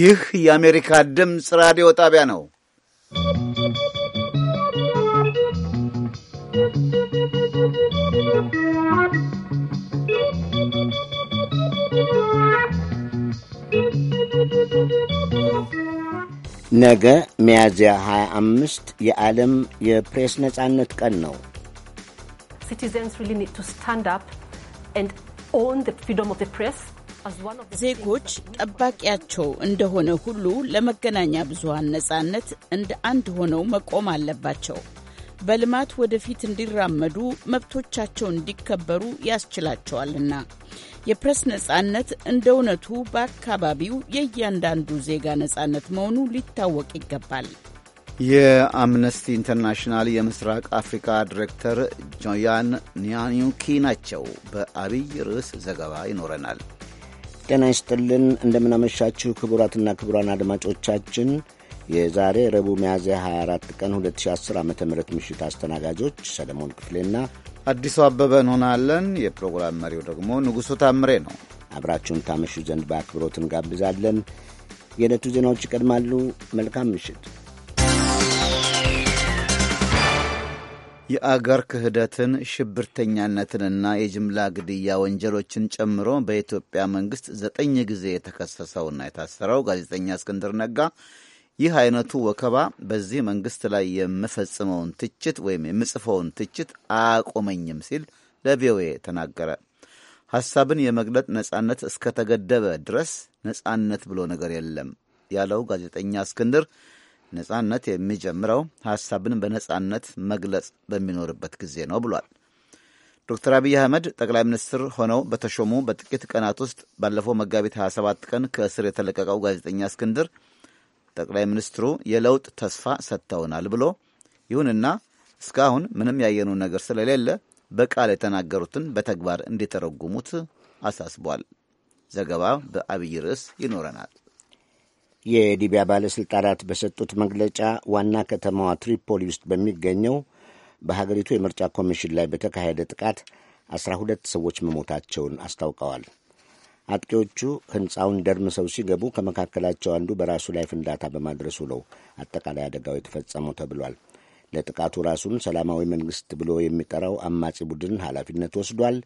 ይህ የአሜሪካ ድምፅ ራዲዮ ጣቢያ ነው። ነገ ሚያዝያ 25 የዓለም የፕሬስ ነጻነት ቀን ነው። ሲቲዘንስ ሪሊ ኒድ ቱ ስታንድ አፕ ኤንድ ኦውን ዘ ፍሪደም ኦፍ ዘ ፕሬስ ዜጎች ጠባቂያቸው እንደሆነ ሁሉ ለመገናኛ ብዙሃን ነጻነት እንደ አንድ ሆነው መቆም አለባቸው። በልማት ወደፊት እንዲራመዱ መብቶቻቸው እንዲከበሩ ያስችላቸዋልና የፕሬስ ነጻነት እንደ እውነቱ በአካባቢው የእያንዳንዱ ዜጋ ነጻነት መሆኑ ሊታወቅ ይገባል። የአምነስቲ ኢንተርናሽናል የምስራቅ አፍሪካ ዲሬክተር ጆያን ኒያኒውኪ ናቸው። በአብይ ርዕስ ዘገባ ይኖረናል። ጤና ይስጥልን እንደምናመሻችሁ ክቡራትና ክቡራን አድማጮቻችን የዛሬ ረቡዕ ሚያዝያ 24 ቀን 2010 ዓ ም ምሽት አስተናጋጆች ሰለሞን ክፍሌና አዲሱ አበበ እንሆናለን። የፕሮግራም መሪው ደግሞ ንጉሡ ታምሬ ነው። አብራችሁን ታመሹ ዘንድ በአክብሮት እንጋብዛለን። የዕለቱ ዜናዎች ይቀድማሉ። መልካም ምሽት። የአገር ክህደትን ሽብርተኛነትንና የጅምላ ግድያ ወንጀሎችን ጨምሮ በኢትዮጵያ መንግስት ዘጠኝ ጊዜ የተከሰሰውና የታሰረው ጋዜጠኛ እስክንድር ነጋ ይህ አይነቱ ወከባ በዚህ መንግስት ላይ የምፈጽመውን ትችት ወይም የምጽፈውን ትችት አያቆመኝም ሲል ለቪኦኤ ተናገረ። ሐሳብን የመግለጥ ነጻነት እስከተገደበ ድረስ ነጻነት ብሎ ነገር የለም ያለው ጋዜጠኛ እስክንድር ነጻነት የሚጀምረው ሀሳብን በነጻነት መግለጽ በሚኖርበት ጊዜ ነው ብሏል። ዶክተር አብይ አህመድ ጠቅላይ ሚኒስትር ሆነው በተሾሙ በጥቂት ቀናት ውስጥ ባለፈው መጋቢት 27 ቀን ከእስር የተለቀቀው ጋዜጠኛ እስክንድር ጠቅላይ ሚኒስትሩ የለውጥ ተስፋ ሰጥተውናል ብሎ ይሁንና እስካሁን ምንም ያየኑ ነገር ስለሌለ በቃል የተናገሩትን በተግባር እንዲተረጉሙት አሳስቧል። ዘገባ በአብይ ርዕስ ይኖረናል። የሊቢያ ባለሥልጣናት በሰጡት መግለጫ ዋና ከተማዋ ትሪፖሊ ውስጥ በሚገኘው በሀገሪቱ የምርጫ ኮሚሽን ላይ በተካሄደ ጥቃት አስራ ሁለት ሰዎች መሞታቸውን አስታውቀዋል። አጥቂዎቹ ሕንፃውን ደርምሰው ሲገቡ ከመካከላቸው አንዱ በራሱ ላይ ፍንዳታ በማድረሱ ነው አጠቃላይ አደጋው የተፈጸመው ተብሏል። ለጥቃቱ ራሱን ሰላማዊ መንግሥት ብሎ የሚጠራው አማጺ ቡድን ኃላፊነት ወስዷል።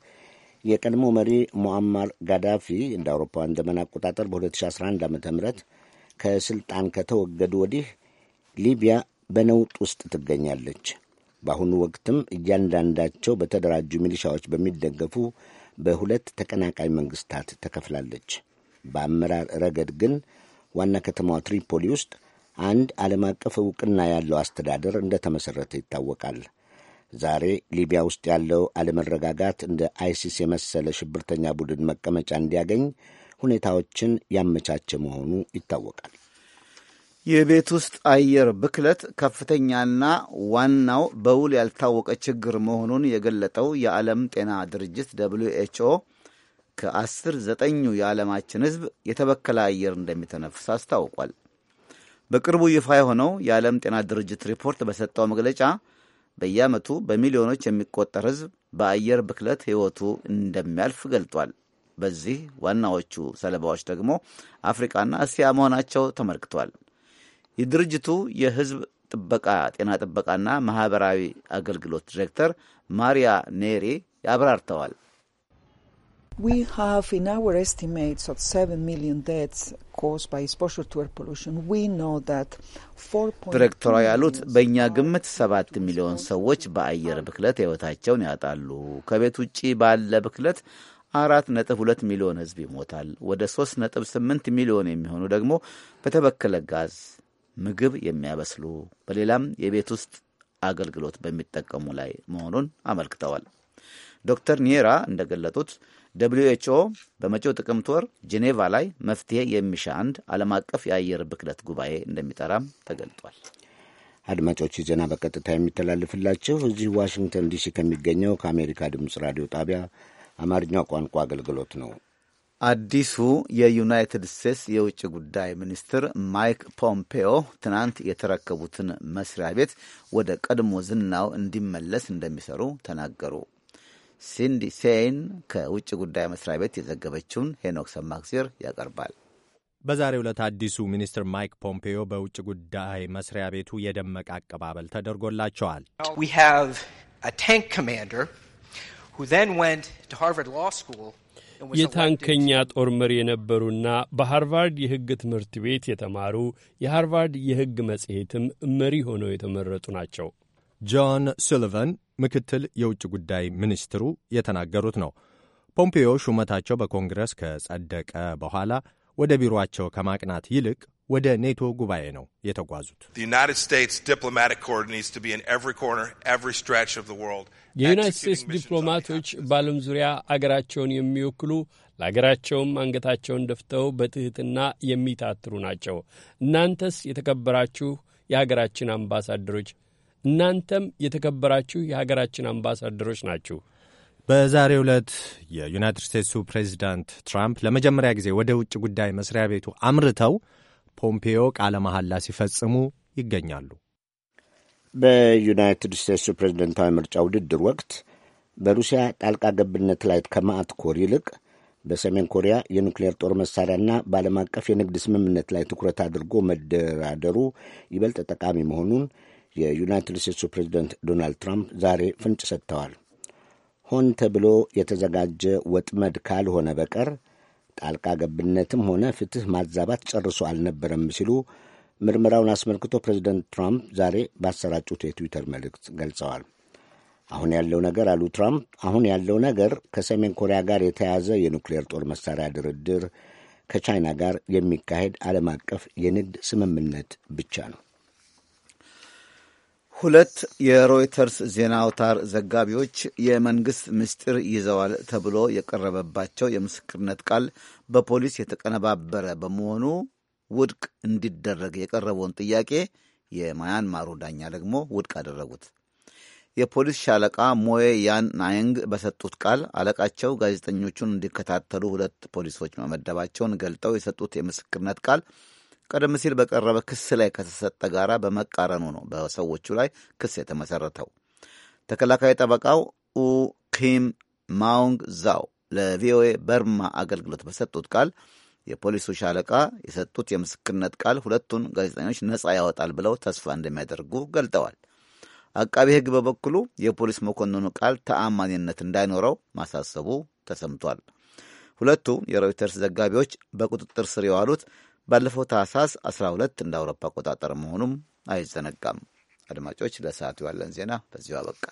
የቀድሞ መሪ ሙአማር ጋዳፊ እንደ አውሮፓውያን ዘመን አቆጣጠር በ2011 ዓ ም ከስልጣን ከተወገዱ ወዲህ ሊቢያ በነውጥ ውስጥ ትገኛለች። በአሁኑ ወቅትም እያንዳንዳቸው በተደራጁ ሚሊሻዎች በሚደገፉ በሁለት ተቀናቃይ መንግስታት ተከፍላለች። በአመራር ረገድ ግን ዋና ከተማዋ ትሪፖሊ ውስጥ አንድ ዓለም አቀፍ እውቅና ያለው አስተዳደር ተመሠረተ ይታወቃል። ዛሬ ሊቢያ ውስጥ ያለው አለመረጋጋት እንደ አይሲስ የመሰለ ሽብርተኛ ቡድን መቀመጫ እንዲያገኝ ሁኔታዎችን ያመቻቸ መሆኑ ይታወቃል። የቤት ውስጥ አየር ብክለት ከፍተኛና ዋናው በውል ያልታወቀ ችግር መሆኑን የገለጠው የዓለም ጤና ድርጅት ደብሊው ኤች ኦ ከአስር ዘጠኙ የዓለማችን ሕዝብ የተበከለ አየር እንደሚተነፍስ አስታውቋል። በቅርቡ ይፋ የሆነው የዓለም ጤና ድርጅት ሪፖርት በሰጠው መግለጫ በየዓመቱ በሚሊዮኖች የሚቆጠር ሕዝብ በአየር ብክለት ሕይወቱ እንደሚያልፍ ገልጧል። በዚህ ዋናዎቹ ሰለባዎች ደግሞ አፍሪቃና እስያ መሆናቸው ተመልክቷል። የድርጅቱ የህዝብ ጥበቃ ጤና ጥበቃና ማህበራዊ አገልግሎት ዲሬክተር ማሪያ ኔሪ ያብራርተዋል። ዲሬክተሯ ያሉት በእኛ ግምት ሰባት ሚሊዮን ሰዎች በአየር ብክለት ሕይወታቸውን ያጣሉ። ከቤት ውጪ ባለ ብክለት አራት ነጥብ ሁለት ሚሊዮን ህዝብ ይሞታል። ወደ ሶስት ነጥብ ስምንት ሚሊዮን የሚሆኑ ደግሞ በተበከለ ጋዝ ምግብ የሚያበስሉ በሌላም የቤት ውስጥ አገልግሎት በሚጠቀሙ ላይ መሆኑን አመልክተዋል። ዶክተር ኒራ እንደገለጡት ደብሊዩ ኤችኦ በመጪው ጥቅምት ወር ጄኔቫ ላይ መፍትሄ የሚሻ አንድ ዓለም አቀፍ የአየር ብክለት ጉባኤ እንደሚጠራም ተገልጧል። አድማጮች ዜና በቀጥታ የሚተላለፍላችሁ እዚህ ዋሽንግተን ዲሲ ከሚገኘው ከአሜሪካ ድምፅ ራዲዮ ጣቢያ አማርኛው ቋንቋ አገልግሎት ነው። አዲሱ የዩናይትድ ስቴትስ የውጭ ጉዳይ ሚኒስትር ማይክ ፖምፔዮ ትናንት የተረከቡትን መስሪያ ቤት ወደ ቀድሞ ዝናው እንዲመለስ እንደሚሰሩ ተናገሩ። ሲንዲ ሴይን ከውጭ ጉዳይ መስሪያ ቤት የዘገበችውን ሄኖክ ሰማክዜር ያቀርባል። በዛሬ ዕለት አዲሱ ሚኒስትር ማይክ ፖምፔዮ በውጭ ጉዳይ መስሪያ ቤቱ የደመቀ አቀባበል ተደርጎላቸዋል። የታንከኛ ጦር መሪ የነበሩና በሃርቫርድ የሕግ ትምህርት ቤት የተማሩ የሃርቫርድ የሕግ መጽሔትም መሪ ሆነው የተመረጡ ናቸው። ጆን ሱሊቨን ምክትል የውጭ ጉዳይ ሚኒስትሩ የተናገሩት ነው። ፖምፔዮ ሹመታቸው በኮንግረስ ከጸደቀ በኋላ ወደ ቢሮአቸው ከማቅናት ይልቅ ወደ ኔቶ ጉባኤ ነው የተጓዙት። የዩናይት ስቴትስ ዲፕሎማቶች በዓለም ዙሪያ አገራቸውን የሚወክሉ ለአገራቸውም አንገታቸውን ደፍተው በትሕትና የሚታትሩ ናቸው። እናንተስ የተከበራችሁ የሀገራችን አምባሳደሮች እናንተም የተከበራችሁ የሀገራችን አምባሳደሮች ናችሁ። በዛሬ ዕለት የዩናይትድ ስቴትሱ ፕሬዚዳንት ትራምፕ ለመጀመሪያ ጊዜ ወደ ውጭ ጉዳይ መስሪያ ቤቱ አምርተው ፖምፔዮ ቃለ መሐላ ሲፈጽሙ ይገኛሉ። በዩናይትድ ስቴትሱ ፕሬዝደንታዊ ምርጫ ውድድር ወቅት በሩሲያ ጣልቃ ገብነት ላይ ከማዕትኮር ይልቅ በሰሜን ኮሪያ የኑክሌር ጦር መሳሪያና በዓለም አቀፍ የንግድ ስምምነት ላይ ትኩረት አድርጎ መደራደሩ ይበልጥ ጠቃሚ መሆኑን የዩናይትድ ስቴትሱ ፕሬዝደንት ዶናልድ ትራምፕ ዛሬ ፍንጭ ሰጥተዋል። ሆን ተብሎ የተዘጋጀ ወጥመድ ካልሆነ በቀር ጣልቃ ገብነትም ሆነ ፍትህ ማዛባት ጨርሶ አልነበረም ሲሉ ምርመራውን አስመልክቶ ፕሬዚደንት ትራምፕ ዛሬ ባሰራጩት የትዊተር መልእክት ገልጸዋል። አሁን ያለው ነገር አሉ ትራምፕ፣ አሁን ያለው ነገር ከሰሜን ኮሪያ ጋር የተያዘ የኑክሌር ጦር መሳሪያ ድርድር፣ ከቻይና ጋር የሚካሄድ ዓለም አቀፍ የንግድ ስምምነት ብቻ ነው። ሁለት የሮይተርስ ዜና አውታር ዘጋቢዎች የመንግሥት ምስጢር ይዘዋል ተብሎ የቀረበባቸው የምስክርነት ቃል በፖሊስ የተቀነባበረ በመሆኑ ውድቅ እንዲደረግ የቀረበውን ጥያቄ የማያንማሩ ዳኛ ደግሞ ውድቅ አደረጉት። የፖሊስ ሻለቃ ሞዬ ያን ናየንግ በሰጡት ቃል አለቃቸው ጋዜጠኞቹን እንዲከታተሉ ሁለት ፖሊሶች መመደባቸውን ገልጠው የሰጡት የምስክርነት ቃል ቀደም ሲል በቀረበ ክስ ላይ ከተሰጠ ጋራ በመቃረኑ ነው በሰዎቹ ላይ ክስ የተመሰረተው። ተከላካይ ጠበቃው ኡ ኪም ማውንግ ዛው ለቪኦኤ በርማ አገልግሎት በሰጡት ቃል የፖሊሱ ሻለቃ የሰጡት የምስክርነት ቃል ሁለቱን ጋዜጠኞች ነፃ ያወጣል ብለው ተስፋ እንደሚያደርጉ ገልጠዋል። አቃቢ ሕግ በበኩሉ የፖሊስ መኮንኑ ቃል ተአማኒነት እንዳይኖረው ማሳሰቡ ተሰምቷል። ሁለቱ የሮይተርስ ዘጋቢዎች በቁጥጥር ስር የዋሉት ባለፈው ታህሳስ 12 እንደ አውሮፓ አቆጣጠር መሆኑም አይዘነጋም። አድማጮች፣ ለሰዓቱ ያለን ዜና በዚሁ አበቃ።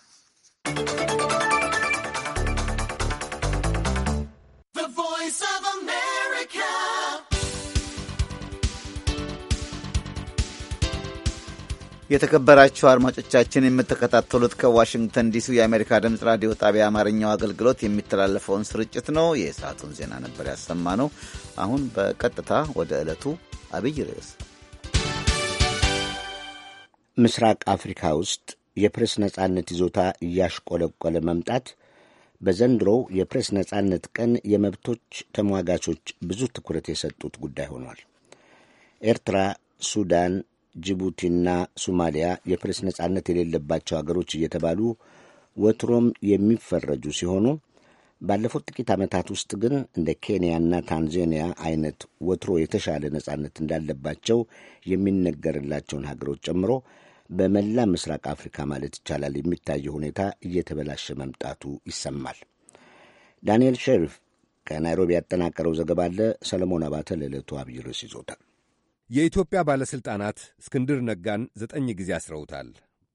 የተከበራችሁ አድማጮቻችን የምትከታተሉት ከዋሽንግተን ዲሲ የአሜሪካ ድምፅ ራዲዮ ጣቢያ አማርኛው አገልግሎት የሚተላለፈውን ስርጭት ነው። የሰዓቱን ዜና ነበር ያሰማ ነው። አሁን በቀጥታ ወደ ዕለቱ አብይ ርዕስ። ምስራቅ አፍሪካ ውስጥ የፕሬስ ነጻነት ይዞታ እያሽቆለቆለ መምጣት በዘንድሮው የፕሬስ ነጻነት ቀን የመብቶች ተሟጋቾች ብዙ ትኩረት የሰጡት ጉዳይ ሆኗል። ኤርትራ፣ ሱዳን ጅቡቲና ሱማሊያ የፕሬስ ነጻነት የሌለባቸው አገሮች እየተባሉ ወትሮም የሚፈረጁ ሲሆኑ ባለፉት ጥቂት ዓመታት ውስጥ ግን እንደ ኬንያና ታንዛኒያ አይነት ወትሮ የተሻለ ነጻነት እንዳለባቸው የሚነገርላቸውን ሀገሮች ጨምሮ በመላ ምስራቅ አፍሪካ ማለት ይቻላል የሚታየው ሁኔታ እየተበላሸ መምጣቱ ይሰማል። ዳንኤል ሼሪፍ ከናይሮቢ ያጠናቀረው ዘገባ አለ። ሰለሞን አባተ ለዕለቱ አብይ ርዕስ ይዞታል። የኢትዮጵያ ባለሥልጣናት እስክንድር ነጋን ዘጠኝ ጊዜ አስረውታል።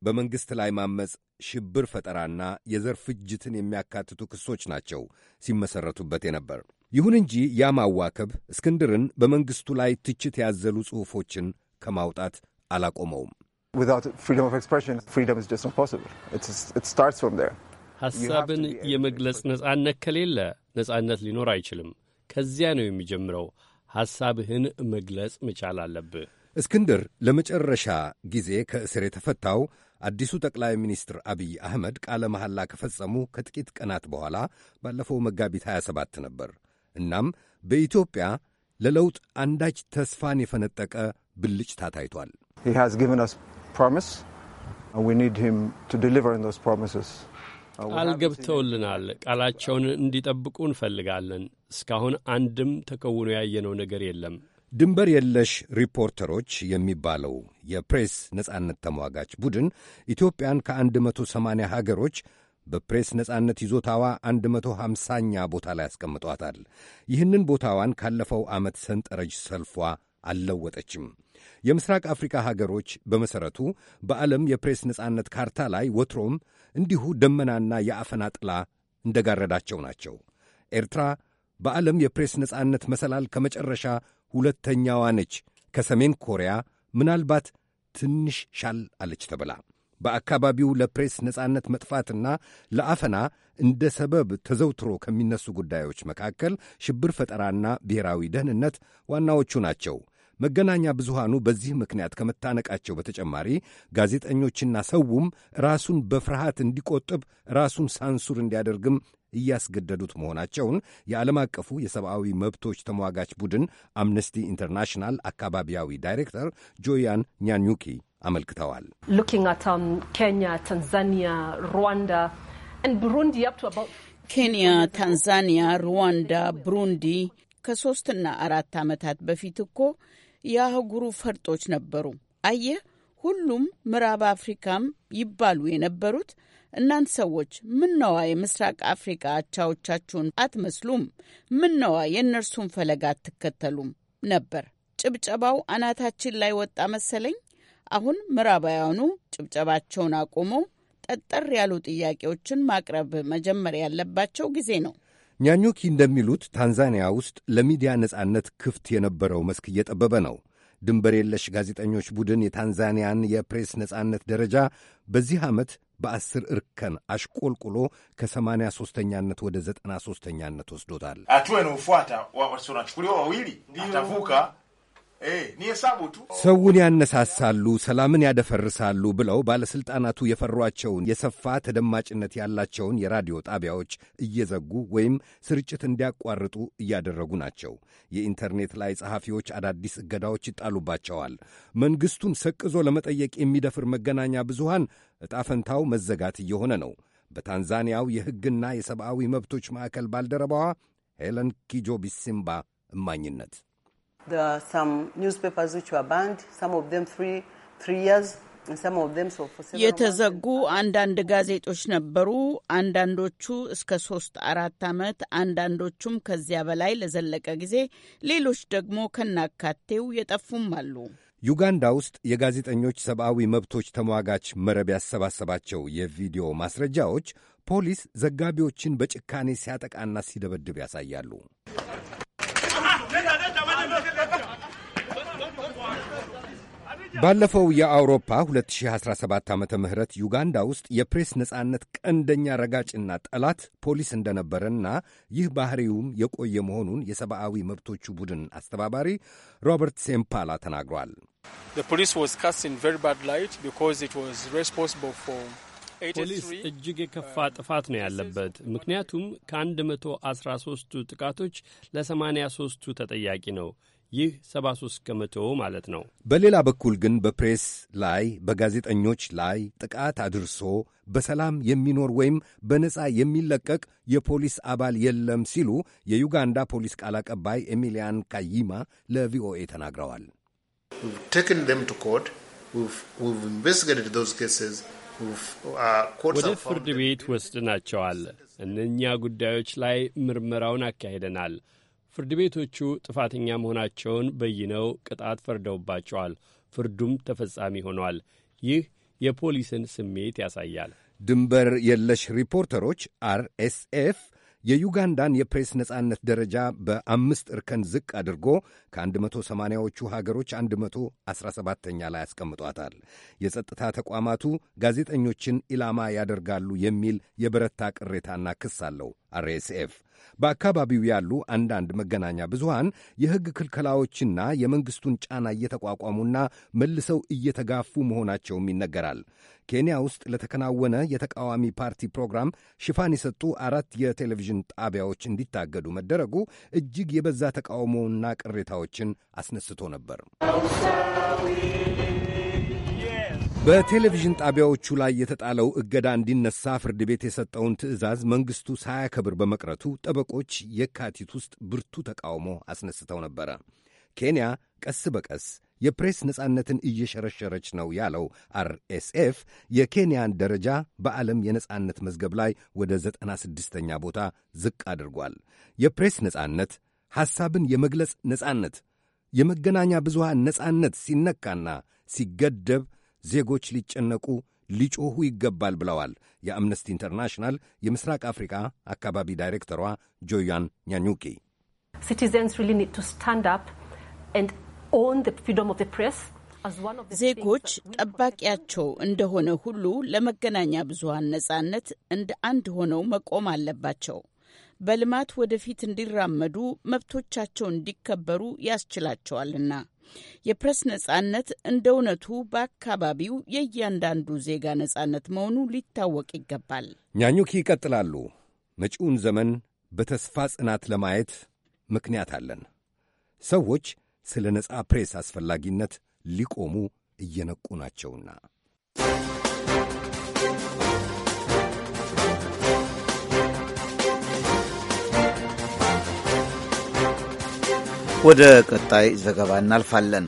በመንግሥት ላይ ማመፅ፣ ሽብር ፈጠራና የዘር ፍጅትን የሚያካትቱ ክሶች ናቸው ሲመሠረቱበት የነበር። ይሁን እንጂ ያ ማዋከብ እስክንድርን በመንግሥቱ ላይ ትችት ያዘሉ ጽሑፎችን ከማውጣት አላቆመውም። ሐሳብን የመግለጽ ነጻነት ከሌለ ነጻነት ሊኖር አይችልም። ከዚያ ነው የሚጀምረው። ሐሳብህን መግለጽ መቻል አለብህ። እስክንድር ለመጨረሻ ጊዜ ከእስር የተፈታው አዲሱ ጠቅላይ ሚኒስትር አብይ አህመድ ቃለ መሐላ ከፈጸሙ ከጥቂት ቀናት በኋላ ባለፈው መጋቢት 27 ነበር። እናም በኢትዮጵያ ለለውጥ አንዳች ተስፋን የፈነጠቀ ብልጭታ ታይቷል። ቃል ገብተውልናል። ቃላቸውን እንዲጠብቁ እንፈልጋለን። እስካሁን አንድም ተከውኖ ያየነው ነገር የለም። ድንበር የለሽ ሪፖርተሮች የሚባለው የፕሬስ ነጻነት ተሟጋች ቡድን ኢትዮጵያን ከ180 ሀገሮች በፕሬስ ነጻነት ይዞታዋ 150ኛ ቦታ ላይ ያስቀምጧታል። ይህንን ቦታዋን ካለፈው ዓመት ሰንጠረዥ ሰልፏ አልለወጠችም። የምስራቅ አፍሪካ ሀገሮች በመሠረቱ በዓለም የፕሬስ ነጻነት ካርታ ላይ ወትሮም እንዲሁ ደመናና የአፈና ጥላ እንደጋረዳቸው ናቸው። ኤርትራ በዓለም የፕሬስ ነጻነት መሰላል ከመጨረሻ ሁለተኛዋ ነች፣ ከሰሜን ኮሪያ ምናልባት ትንሽ ሻል አለች ተብላ በአካባቢው ለፕሬስ ነጻነት መጥፋትና ለአፈና እንደ ሰበብ ተዘውትሮ ከሚነሱ ጉዳዮች መካከል ሽብር ፈጠራና ብሔራዊ ደህንነት ዋናዎቹ ናቸው። መገናኛ ብዙሃኑ በዚህ ምክንያት ከመታነቃቸው በተጨማሪ ጋዜጠኞችና ሰውም ራሱን በፍርሃት እንዲቆጥብ ራሱን ሳንሱር እንዲያደርግም እያስገደዱት መሆናቸውን የዓለም አቀፉ የሰብአዊ መብቶች ተሟጋች ቡድን አምነስቲ ኢንተርናሽናል አካባቢያዊ ዳይሬክተር ጆያን ኛኑኪ አመልክተዋል። ኬንያ፣ ታንዛኒያ፣ ሩዋንዳ ብሩንዲ ኬንያ፣ ታንዛኒያ፣ ሩዋንዳ፣ ብሩንዲ ከሶስትና አራት ዓመታት በፊት እኮ የአህጉሩ ፈርጦች ነበሩ። አየህ፣ ሁሉም ምዕራብ አፍሪካም ይባሉ የነበሩት እናንት ሰዎች ምነዋ የምስራቅ አፍሪካ አቻዎቻችሁን አትመስሉም? ምነዋ የእነርሱን ፈለግ አትከተሉም ነበር። ጭብጨባው አናታችን ላይ ወጣ መሰለኝ። አሁን ምዕራባውያኑ ጭብጨባቸውን አቁመው ጠጠር ያሉ ጥያቄዎችን ማቅረብ መጀመር ያለባቸው ጊዜ ነው። ኛኞኪ እንደሚሉት ታንዛኒያ ውስጥ ለሚዲያ ነጻነት ክፍት የነበረው መስክ እየጠበበ ነው። ድንበር የለሽ ጋዜጠኞች ቡድን የታንዛኒያን የፕሬስ ነጻነት ደረጃ በዚህ ዓመት በአስር እርከን አሽቆልቁሎ ከሰማንያ ሶስተኛነት ወደ ዘጠና ሶስተኛነት ወስዶታል። ሰውን ያነሳሳሉ፣ ሰላምን ያደፈርሳሉ ብለው ባለሥልጣናቱ የፈሯቸውን የሰፋ ተደማጭነት ያላቸውን የራዲዮ ጣቢያዎች እየዘጉ ወይም ስርጭት እንዲያቋርጡ እያደረጉ ናቸው። የኢንተርኔት ላይ ጸሐፊዎች አዳዲስ እገዳዎች ይጣሉባቸዋል። መንግሥቱን ሰቅዞ ለመጠየቅ የሚደፍር መገናኛ ብዙሃን ዕጣ ፈንታው መዘጋት እየሆነ ነው። በታንዛኒያው የሕግና የሰብአዊ መብቶች ማዕከል ባልደረባዋ ሄለን ኪጆ ቢሲምባ እማኝነት የተዘጉ አንዳንድ ጋዜጦች ነበሩ። አንዳንዶቹ እስከ ሶስት አራት ዓመት፣ አንዳንዶቹም ከዚያ በላይ ለዘለቀ ጊዜ፣ ሌሎች ደግሞ ከናካቴው የጠፉም አሉ። ዩጋንዳ ውስጥ የጋዜጠኞች ሰብአዊ መብቶች ተሟጋች መረብ ያሰባሰባቸው የቪዲዮ ማስረጃዎች ፖሊስ ዘጋቢዎችን በጭካኔ ሲያጠቃና ሲደበድብ ያሳያሉ። ባለፈው የአውሮፓ 2017 ዓ ምህረት ዩጋንዳ ውስጥ የፕሬስ ነጻነት ቀንደኛ ረጋጭና ጠላት ፖሊስ እንደነበረና ይህ ባህሪውም የቆየ መሆኑን የሰብአዊ መብቶቹ ቡድን አስተባባሪ ሮበርት ሴምፓላ ተናግሯል። ፖሊስ እጅግ የከፋ ጥፋት ነው ያለበት። ምክንያቱም ከ113ቱ ጥቃቶች ለ83ቱ ተጠያቂ ነው። ይህ 73 ከመቶ ማለት ነው። በሌላ በኩል ግን በፕሬስ ላይ በጋዜጠኞች ላይ ጥቃት አድርሶ በሰላም የሚኖር ወይም በነጻ የሚለቀቅ የፖሊስ አባል የለም ሲሉ የዩጋንዳ ፖሊስ ቃል አቀባይ ኤሚሊያን ካይማ ለቪኦኤ ተናግረዋል። uh, ወደ ፍርድ ቤት ወስድናቸዋል። እነኛ ጉዳዮች ላይ ምርመራውን አካሂደናል። ፍርድ ቤቶቹ ጥፋተኛ መሆናቸውን በይነው ቅጣት ፈርደውባቸዋል። ፍርዱም ተፈጻሚ ሆኗል። ይህ የፖሊስን ስሜት ያሳያል። ድንበር የለሽ ሪፖርተሮች አርኤስኤፍ የዩጋንዳን የፕሬስ ነጻነት ደረጃ በአምስት እርከን ዝቅ አድርጎ ከ180ዎቹ ሀገሮች 117ኛ ላይ አስቀምጧታል። የጸጥታ ተቋማቱ ጋዜጠኞችን ኢላማ ያደርጋሉ የሚል የበረታ ቅሬታና ክስ አለው አርኤስኤፍ በአካባቢው ያሉ አንዳንድ መገናኛ ብዙሃን የሕግ ክልከላዎችና የመንግሥቱን ጫና እየተቋቋሙና መልሰው እየተጋፉ መሆናቸውም ይነገራል። ኬንያ ውስጥ ለተከናወነ የተቃዋሚ ፓርቲ ፕሮግራም ሽፋን የሰጡ አራት የቴሌቪዥን ጣቢያዎች እንዲታገዱ መደረጉ እጅግ የበዛ ተቃውሞና ቅሬታዎችን አስነስቶ ነበር። በቴሌቪዥን ጣቢያዎቹ ላይ የተጣለው እገዳ እንዲነሳ ፍርድ ቤት የሰጠውን ትዕዛዝ መንግስቱ ሳያከብር በመቅረቱ ጠበቆች የካቲት ውስጥ ብርቱ ተቃውሞ አስነስተው ነበረ። ኬንያ ቀስ በቀስ የፕሬስ ነጻነትን እየሸረሸረች ነው ያለው አርኤስኤፍ የኬንያን ደረጃ በዓለም የነጻነት መዝገብ ላይ ወደ 96ኛ ቦታ ዝቅ አድርጓል። የፕሬስ ነጻነት፣ ሐሳብን የመግለጽ ነጻነት፣ የመገናኛ ብዙሃን ነጻነት ሲነካና ሲገደብ ዜጎች ሊጨነቁ ሊጮኹ ይገባል ብለዋል የአምነስቲ ኢንተርናሽናል የምስራቅ አፍሪካ አካባቢ ዳይሬክተሯ ጆያን ኛኙኪ። ዜጎች ጠባቂያቸው እንደሆነ ሁሉ ለመገናኛ ብዙሃን ነጻነት እንደ አንድ ሆነው መቆም አለባቸው። በልማት ወደፊት እንዲራመዱ መብቶቻቸው እንዲከበሩ ያስችላቸዋልና። የፕሬስ ነጻነት እንደ እውነቱ በአካባቢው የእያንዳንዱ ዜጋ ነጻነት መሆኑ ሊታወቅ ይገባል። ኛኞኪ ይቀጥላሉ። መጪውን ዘመን በተስፋ ጽናት ለማየት ምክንያት አለን። ሰዎች ስለ ነጻ ፕሬስ አስፈላጊነት ሊቆሙ እየነቁ ናቸውና ወደ ቀጣይ ዘገባ እናልፋለን።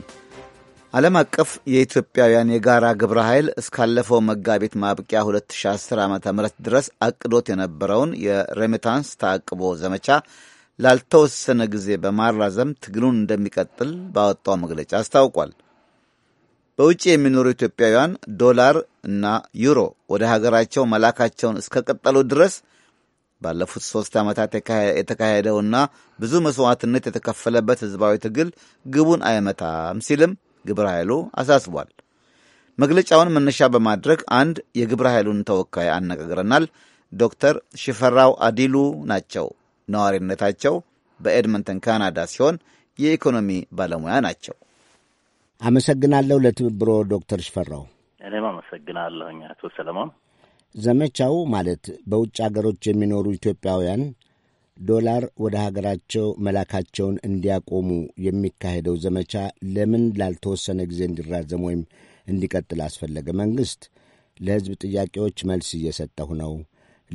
ዓለም አቀፍ የኢትዮጵያውያን የጋራ ግብረ ኃይል እስካለፈው መጋቢት ማብቂያ 2010 ዓ ም ድረስ አቅዶት የነበረውን የሬሚታንስ ተአቅቦ ዘመቻ ላልተወሰነ ጊዜ በማራዘም ትግሉን እንደሚቀጥል ባወጣው መግለጫ አስታውቋል። በውጭ የሚኖሩ ኢትዮጵያውያን ዶላር እና ዩሮ ወደ ሀገራቸው መላካቸውን እስከቀጠሉ ድረስ ባለፉት ሶስት ዓመታት የተካሄደውና ብዙ መስዋዕትነት የተከፈለበት ህዝባዊ ትግል ግቡን አይመታም ሲልም ግብረ ኃይሉ አሳስቧል። መግለጫውን መነሻ በማድረግ አንድ የግብረ ኃይሉን ተወካይ አነጋግረናል። ዶክተር ሽፈራው አዲሉ ናቸው። ነዋሪነታቸው በኤድመንተን ካናዳ ሲሆን የኢኮኖሚ ባለሙያ ናቸው። አመሰግናለሁ ለትብብሮ ዶክተር ሽፈራው። እኔም አመሰግናለሁኝ አቶ ሰለሞን። ዘመቻው ማለት በውጭ አገሮች የሚኖሩ ኢትዮጵያውያን ዶላር ወደ ሀገራቸው መላካቸውን እንዲያቆሙ የሚካሄደው ዘመቻ ለምን ላልተወሰነ ጊዜ እንዲራዘም ወይም እንዲቀጥል አስፈለገ? መንግሥት ለሕዝብ ጥያቄዎች መልስ እየሰጠሁ ነው፣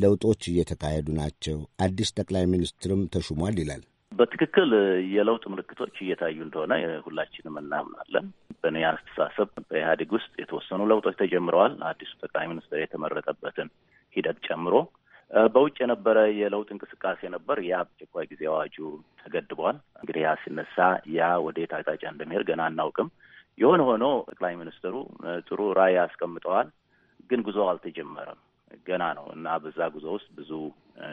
ለውጦች እየተካሄዱ ናቸው፣ አዲስ ጠቅላይ ሚኒስትርም ተሹሟል ይላል። በትክክል የለውጥ ምልክቶች እየታዩ እንደሆነ ሁላችንም እናምናለን። በእኔ አስተሳሰብ በኢህአዴግ ውስጥ የተወሰኑ ለውጦች ተጀምረዋል። አዲሱ ጠቅላይ ሚኒስትር የተመረጠበትን ሂደት ጨምሮ በውጭ የነበረ የለውጥ እንቅስቃሴ ነበር። ያ አስቸኳይ ጊዜ አዋጁ ተገድቧል። እንግዲህ ያ ሲነሳ ያ ወዴት አቅጣጫ እንደሚሄድ ገና አናውቅም። የሆነ ሆኖ ጠቅላይ ሚኒስትሩ ጥሩ ራዕይ አስቀምጠዋል፣ ግን ጉዞ አልተጀመረም። ገና ነው እና በዛ ጉዞ ውስጥ ብዙ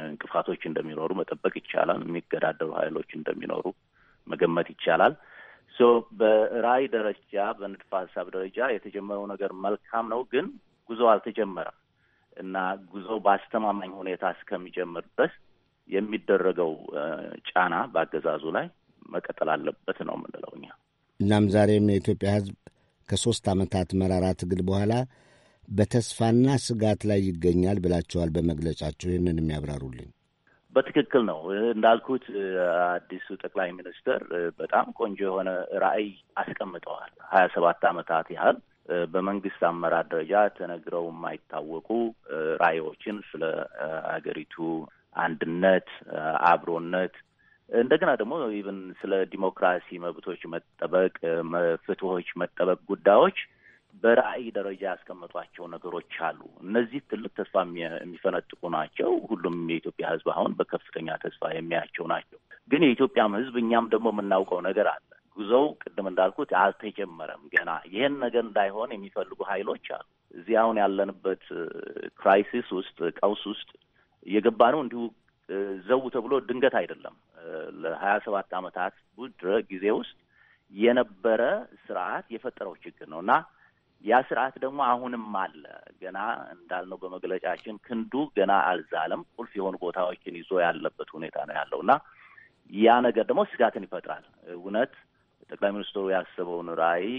እንቅፋቶች እንደሚኖሩ መጠበቅ ይቻላል። የሚገዳደሩ ኃይሎች እንደሚኖሩ መገመት ይቻላል። ሶ በራዕይ ደረጃ በንድፈ ሀሳብ ደረጃ የተጀመረው ነገር መልካም ነው፣ ግን ጉዞ አልተጀመረም እና ጉዞ በአስተማማኝ ሁኔታ እስከሚጀምር ድረስ የሚደረገው ጫና በአገዛዙ ላይ መቀጠል አለበት ነው የምንለው እኛ። እናም ዛሬም የኢትዮጵያ ሕዝብ ከሶስት ዓመታት መራራ ትግል በኋላ በተስፋና ስጋት ላይ ይገኛል ብላቸዋል በመግለጫቸው። ይህንን የሚያብራሩልኝ። በትክክል ነው እንዳልኩት፣ አዲሱ ጠቅላይ ሚኒስትር በጣም ቆንጆ የሆነ ራዕይ አስቀምጠዋል። ሀያ ሰባት ዓመታት ያህል በመንግስት አመራር ደረጃ ተነግረው የማይታወቁ ራዕዮችን ስለ ሀገሪቱ አንድነት፣ አብሮነት እንደገና ደግሞ ኢቨን ስለ ዲሞክራሲ መብቶች መጠበቅ፣ ፍትሆች መጠበቅ ጉዳዮች በራዕይ ደረጃ ያስቀመጧቸው ነገሮች አሉ። እነዚህ ትልቅ ተስፋ የሚፈነጥቁ ናቸው። ሁሉም የኢትዮጵያ ሕዝብ አሁን በከፍተኛ ተስፋ የሚያቸው ናቸው። ግን የኢትዮጵያም ሕዝብ እኛም ደግሞ የምናውቀው ነገር አለ። ጉዞው ቅድም እንዳልኩት አልተጀመረም ገና። ይህን ነገር እንዳይሆን የሚፈልጉ ኃይሎች አሉ። እዚህ አሁን ያለንበት ክራይሲስ ውስጥ ቀውስ ውስጥ ነው እንዲሁ ዘው ተብሎ ድንገት አይደለም። ለሀያ ሰባት ዓመታት ጊዜ ውስጥ የነበረ ስርዓት የፈጠረው ችግር ነው እና ያ ስርዓት ደግሞ አሁንም አለ። ገና እንዳልነው በመግለጫችን ክንዱ ገና አልዛለም። ቁልፍ የሆኑ ቦታዎችን ይዞ ያለበት ሁኔታ ነው ያለው እና ያ ነገር ደግሞ ስጋትን ይፈጥራል። እውነት ጠቅላይ ሚኒስትሩ ያስበውን ራዕይ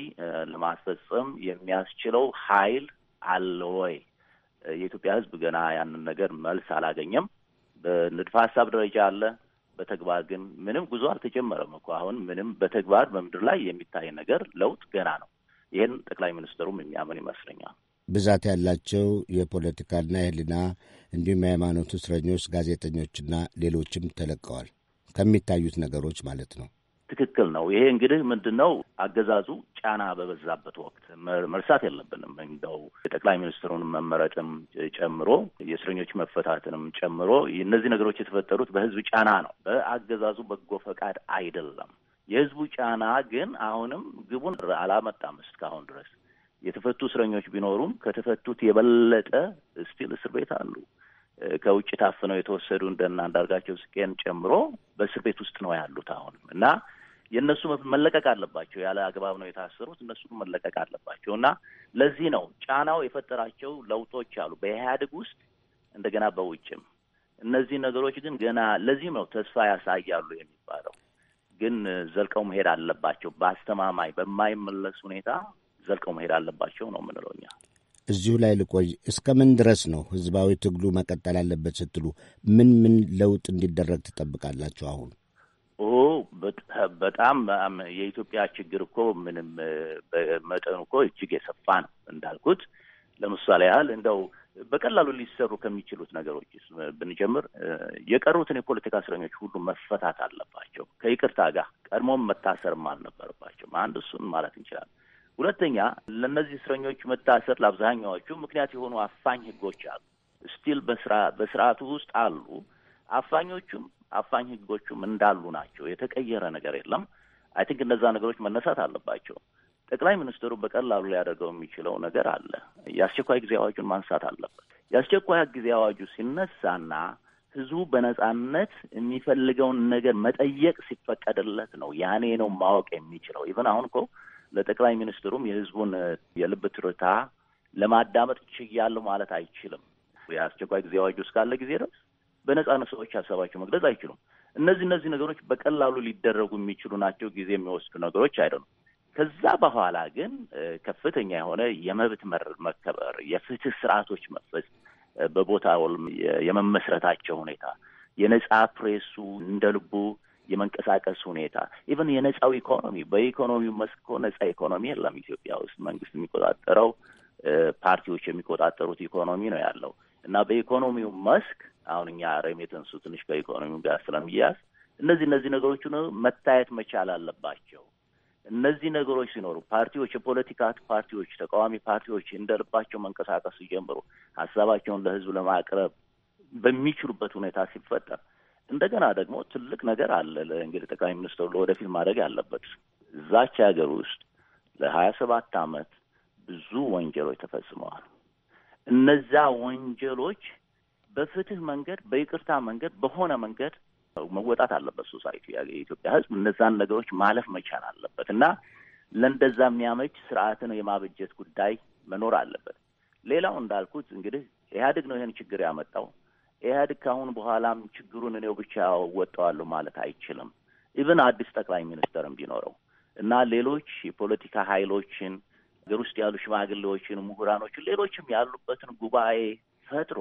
ለማስፈጸም የሚያስችለው ኃይል አለ ወይ? የኢትዮጵያ ሕዝብ ገና ያንን ነገር መልስ አላገኘም። በንድፈ ሀሳብ ደረጃ አለ። በተግባር ግን ምንም ጉዞ አልተጀመረም እኮ አሁን ምንም በተግባር በምድር ላይ የሚታይ ነገር ለውጥ ገና ነው። ይህን ጠቅላይ ሚኒስትሩም የሚያምን ይመስለኛል። ብዛት ያላቸው የፖለቲካና የህሊና እንዲሁም የሃይማኖት እስረኞች፣ ጋዜጠኞችና ሌሎችም ተለቀዋል ከሚታዩት ነገሮች ማለት ነው። ትክክል ነው። ይሄ እንግዲህ ምንድን ነው አገዛዙ ጫና በበዛበት ወቅት መርሳት የለብንም እንደው የጠቅላይ ሚኒስትሩን መመረጥም ጨምሮ የእስረኞች መፈታትንም ጨምሮ እነዚህ ነገሮች የተፈጠሩት በህዝብ ጫና ነው። በአገዛዙ በጎ ፈቃድ አይደለም። የህዝቡ ጫና ግን አሁንም ግቡን አላመጣም። እስካሁን ድረስ የተፈቱ እስረኞች ቢኖሩም ከተፈቱት የበለጠ ስቲል እስር ቤት አሉ። ከውጭ ታፍነው የተወሰዱ እንደና አንዳርጋቸው ጽጌን ጨምሮ በእስር ቤት ውስጥ ነው ያሉት አሁንም እና የእነሱ መለቀቅ አለባቸው። ያለ አግባብ ነው የታሰሩት፣ እነሱ መለቀቅ አለባቸው እና ለዚህ ነው ጫናው የፈጠራቸው ለውጦች አሉ በኢህአዴግ ውስጥ እንደገና በውጭም እነዚህ ነገሮች ግን ገና ለዚህም ነው ተስፋ ያሳያሉ የሚባለው። ግን ዘልቀው መሄድ አለባቸው። በአስተማማኝ በማይመለስ ሁኔታ ዘልቀው መሄድ አለባቸው ነው የምንለው እኛ። እዚሁ ላይ ልቆይ። እስከ ምን ድረስ ነው ህዝባዊ ትግሉ መቀጠል አለበት ስትሉ ምን ምን ለውጥ እንዲደረግ ትጠብቃላችሁ? አሁን በጣም የኢትዮጵያ ችግር እኮ ምንም በመጠኑ እኮ እጅግ የሰፋ ነው እንዳልኩት። ለምሳሌ ያህል እንደው በቀላሉ ሊሰሩ ከሚችሉት ነገሮች ብንጀምር የቀሩትን የፖለቲካ እስረኞች ሁሉ መፈታት አለባቸው። ከይቅርታ ጋር ቀድሞም መታሰርም አልነበረባቸውም። አንድ እሱን ማለት እንችላለን። ሁለተኛ ለእነዚህ እስረኞች መታሰር ለአብዛኛዎቹ ምክንያት የሆኑ አፋኝ ህጎች አሉ ስቲል በስራ በስርዓቱ ውስጥ አሉ። አፋኞቹም አፋኝ ህጎቹም እንዳሉ ናቸው። የተቀየረ ነገር የለም። አይ ቲንክ እነዛ ነገሮች መነሳት አለባቸው። ጠቅላይ ሚኒስትሩ በቀላሉ ሊያደርገው የሚችለው ነገር አለ። የአስቸኳይ ጊዜ አዋጁን ማንሳት አለበት። የአስቸኳይ ጊዜ አዋጁ ሲነሳና ህዝቡ በነጻነት የሚፈልገውን ነገር መጠየቅ ሲፈቀድለት ነው ያኔ ነው ማወቅ የሚችለው። ኢቨን አሁን እኮ ለጠቅላይ ሚኒስትሩም የህዝቡን የልብ ትርታ ለማዳመጥ ችያለሁ ማለት አይችልም። የአስቸኳይ ጊዜ አዋጁ እስካለ ጊዜ ድረስ በነጻነት ሰዎች ሀሳባቸው መግለጽ አይችሉም። እነዚህ እነዚህ ነገሮች በቀላሉ ሊደረጉ የሚችሉ ናቸው። ጊዜ የሚወስዱ ነገሮች አይደሉም። ከዛ በኋላ ግን ከፍተኛ የሆነ የመብት መር መከበር፣ የፍትህ ስርዓቶች መፈጽ በቦታው የመመስረታቸው ሁኔታ፣ የነጻ ፕሬሱ እንደ ልቡ የመንቀሳቀስ ሁኔታ ኢቨን የነጻው ኢኮኖሚ በኢኮኖሚው መስክ እኮ ነጻ ኢኮኖሚ የለም ኢትዮጵያ ውስጥ መንግስት የሚቆጣጠረው ፓርቲዎች የሚቆጣጠሩት ኢኮኖሚ ነው ያለው እና በኢኮኖሚው መስክ አሁን እኛ ሬሜተንሱ ትንሽ ከኢኮኖሚው ጋር ስለሚያዝ እነዚህ እነዚህ ነገሮቹን መታየት መቻል አለባቸው። እነዚህ ነገሮች ሲኖሩ ፓርቲዎች፣ የፖለቲካ ፓርቲዎች፣ ተቃዋሚ ፓርቲዎች እንደልባቸው መንቀሳቀስ ሲጀምሩ ሀሳባቸውን ለህዝብ ለማቅረብ በሚችሉበት ሁኔታ ሲፈጠር እንደገና ደግሞ ትልቅ ነገር አለ። እንግዲህ ጠቅላይ ሚኒስትሩ ለወደፊት ማድረግ ያለበት እዛች ሀገር ውስጥ ለሀያ ሰባት አመት ብዙ ወንጀሎች ተፈጽመዋል። እነዚያ ወንጀሎች በፍትህ መንገድ፣ በይቅርታ መንገድ፣ በሆነ መንገድ መወጣት አለበት። ሶሳይቲ የኢትዮጵያ ህዝብ እነዛን ነገሮች ማለፍ መቻል አለበት እና ለእንደዛ የሚያመች ስርዓትን የማበጀት ጉዳይ መኖር አለበት። ሌላው እንዳልኩት እንግዲህ ኢህአዴግ ነው ይህን ችግር ያመጣው። ኢህአዴግ ካሁን በኋላም ችግሩን እኔው ብቻ ወጠዋለሁ ማለት አይችልም። ኢብን አዲስ ጠቅላይ ሚኒስተርም ቢኖረው እና ሌሎች የፖለቲካ ሀይሎችን ሀገር ውስጥ ያሉ ሽማግሌዎችን፣ ምሁራኖችን፣ ሌሎችም ያሉበትን ጉባኤ ፈጥሮ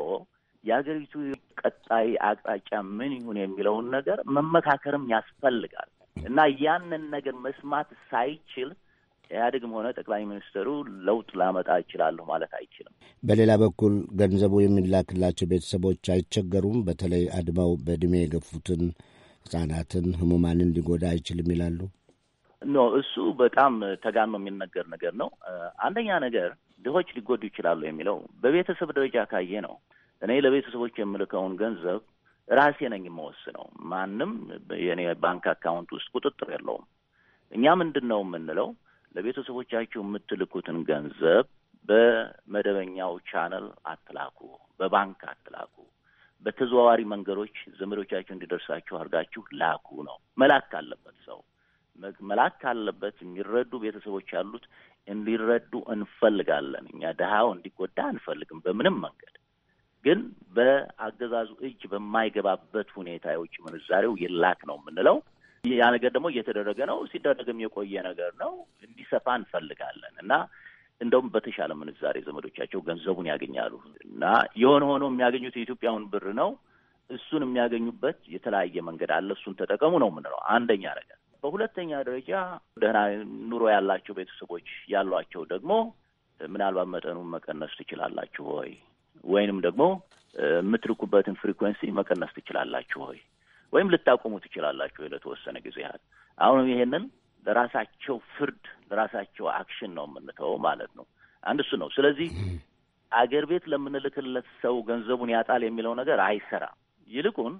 የሀገሪቱ ቀጣይ አቅጣጫ ምን ይሁን የሚለውን ነገር መመካከርም ያስፈልጋል እና ያንን ነገር መስማት ሳይችል ኢህአዴግም ሆነ ጠቅላይ ሚኒስትሩ ለውጥ ላመጣ እችላለሁ ማለት አይችልም። በሌላ በኩል ገንዘቡ የሚላክላቸው ቤተሰቦች አይቸገሩም። በተለይ አድማው በእድሜ የገፉትን ህጻናትን፣ ህሙማንን ሊጎዳ አይችልም ይላሉ። ኖ እሱ በጣም ተጋኖ የሚነገር ነገር ነው። አንደኛ ነገር ድሆች ሊጎዱ ይችላሉ የሚለው በቤተሰብ ደረጃ ካየ ነው እኔ ለቤተሰቦች የምልከውን ገንዘብ ራሴ ነኝ የምወስነው። ማንም የእኔ ባንክ አካውንት ውስጥ ቁጥጥር የለውም። እኛ ምንድን ነው የምንለው ለቤተሰቦቻችሁ የምትልኩትን ገንዘብ በመደበኛው ቻነል አትላኩ፣ በባንክ አትላኩ፣ በተዘዋዋሪ መንገዶች ዘመዶቻችሁ እንዲደርሳችሁ አድርጋችሁ ላኩ ነው መላክ ካለበት ሰው መላክ ካለበት የሚረዱ ቤተሰቦች ያሉት እንዲረዱ እንፈልጋለን። እኛ ድሃው እንዲጎዳ አንፈልግም በምንም መንገድ። ግን በአገዛዙ እጅ በማይገባበት ሁኔታ የውጭ ምንዛሬው ይላክ ነው የምንለው። ያ ነገር ደግሞ እየተደረገ ነው፣ ሲደረግም የቆየ ነገር ነው። እንዲሰፋ እንፈልጋለን እና እንደውም በተሻለ ምንዛሬ ዘመዶቻቸው ገንዘቡን ያገኛሉ እና የሆነ ሆኖ የሚያገኙት የኢትዮጵያውን ብር ነው። እሱን የሚያገኙበት የተለያየ መንገድ አለ። እሱን ተጠቀሙ ነው የምንለው አንደኛ ነገር። በሁለተኛ ደረጃ ደህና ኑሮ ያላቸው ቤተሰቦች ያሏቸው ደግሞ ምናልባት መጠኑን መቀነስ ትችላላችሁ ወይ ወይንም ደግሞ የምትልኩበትን ፍሪኩዌንሲ መቀነስ ትችላላችሁ ወይ ወይም ልታቆሙ ትችላላችሁ ለተወሰነ ጊዜ ያህል። አሁንም ይሄንን ለራሳቸው ፍርድ ለራሳቸው አክሽን ነው የምንተወው ማለት ነው። አንድ እሱ ነው። ስለዚህ አገር ቤት ለምንልክለት ሰው ገንዘቡን ያጣል የሚለው ነገር አይሰራም። ይልቁን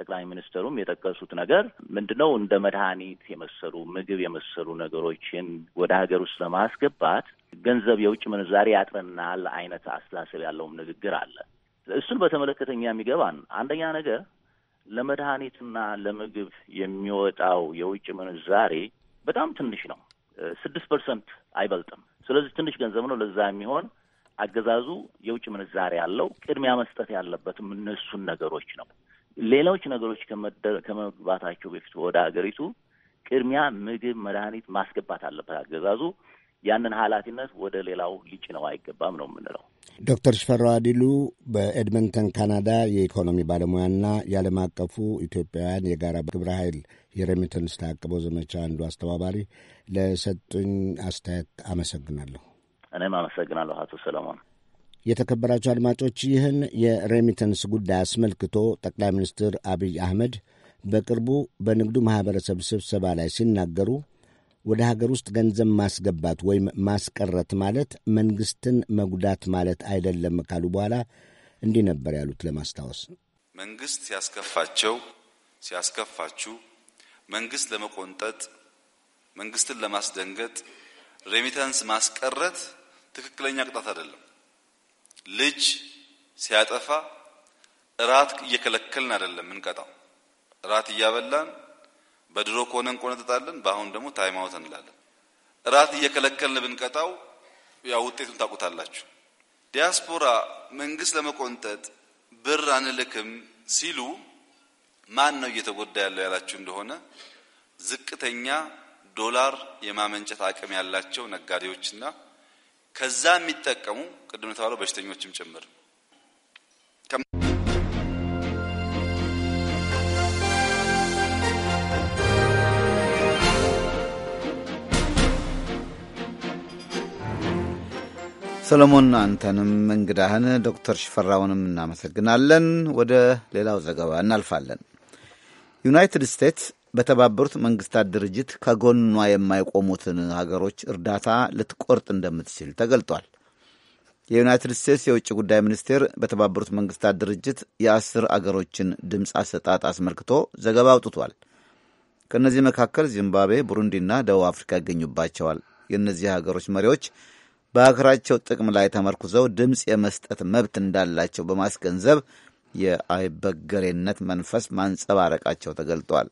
ጠቅላይ ሚኒስትሩም የጠቀሱት ነገር ምንድነው እንደ መድኃኒት የመሰሉ ምግብ የመሰሉ ነገሮችን ወደ ሀገር ውስጥ ለማስገባት ገንዘብ የውጭ ምንዛሬ ያጥረናል አይነት አስተሳሰብ ያለውም ንግግር አለ። እሱን በተመለከተ እኛ የሚገባን አንደኛ ነገር ለመድኃኒትና ለምግብ የሚወጣው የውጭ ምንዛሬ በጣም ትንሽ ነው። ስድስት ፐርሰንት አይበልጥም። ስለዚህ ትንሽ ገንዘብ ነው። ለዛ የሚሆን አገዛዙ የውጭ ምንዛሬ ያለው ቅድሚያ መስጠት ያለበትም እነሱን ነገሮች ነው። ሌሎች ነገሮች ከመግባታቸው በፊት ወደ ሀገሪቱ ቅድሚያ ምግብ፣ መድኃኒት ማስገባት አለበት አገዛዙ። ያንን ኃላፊነት ወደ ሌላው ሊጭነው አይገባም ነው የምንለው። ዶክተር ሽፈራው አዲሉ በኤድመንተን ካናዳ የኢኮኖሚ ባለሙያና የዓለም አቀፉ ኢትዮጵያውያን የጋራ ግብረ ኃይል የሬሚተንስ ተአቅቦ ዘመቻ አንዱ አስተባባሪ ለሰጡኝ አስተያየት አመሰግናለሁ። እኔም አመሰግናለሁ አቶ ሰለሞን። የተከበራቸው አድማጮች ይህን የሬሚተንስ ጉዳይ አስመልክቶ ጠቅላይ ሚኒስትር አብይ አህመድ በቅርቡ በንግዱ ማኅበረሰብ ስብሰባ ላይ ሲናገሩ ወደ ሀገር ውስጥ ገንዘብ ማስገባት ወይም ማስቀረት ማለት መንግስትን መጉዳት ማለት አይደለም ካሉ በኋላ እንዲህ ነበር ያሉት። ለማስታወስ መንግስት ሲያስከፋቸው ሲያስከፋችሁ፣ መንግስት ለመቆንጠጥ፣ መንግስትን ለማስደንገጥ ሬሚታንስ ማስቀረት ትክክለኛ ቅጣት አይደለም። ልጅ ሲያጠፋ እራት እየከለከልን አይደለም ምንቀጣው። እራት እያበላን በድሮ ከሆነ እንቆነጥጣለን፣ በአሁን ደግሞ ታይም አውት እንላለን። እራት እየከለከልን ብንቀጣው ያው ውጤቱን ታውቁታላችሁ። ዲያስፖራ መንግስት ለመቆንጠጥ ብር አንልክም ሲሉ ማን ነው እየተጎዳ ያለው ያላችሁ እንደሆነ ዝቅተኛ ዶላር የማመንጨት አቅም ያላቸው ነጋዴዎችና ከዛ የሚጠቀሙ ቅድም የተባለው በሽተኞችም ጭምር ሰሎሞን አንተንም እንግዳህን ዶክተር ሽፈራውንም እናመሰግናለን። ወደ ሌላው ዘገባ እናልፋለን። ዩናይትድ ስቴትስ በተባበሩት መንግስታት ድርጅት ከጎኗ የማይቆሙትን ሀገሮች እርዳታ ልትቆርጥ እንደምትችል ተገልጧል። የዩናይትድ ስቴትስ የውጭ ጉዳይ ሚኒስቴር በተባበሩት መንግስታት ድርጅት የአስር አገሮችን ድምፅ አሰጣጥ አስመልክቶ ዘገባ አውጥቷል። ከእነዚህ መካከል ዚምባብዌ፣ ቡሩንዲና ደቡብ አፍሪካ ይገኙባቸዋል። የእነዚህ ሀገሮች መሪዎች በሀገራቸው ጥቅም ላይ ተመርኩዘው ድምፅ የመስጠት መብት እንዳላቸው በማስገንዘብ የአይበገሬነት መንፈስ ማንጸባረቃቸው ተገልጧል።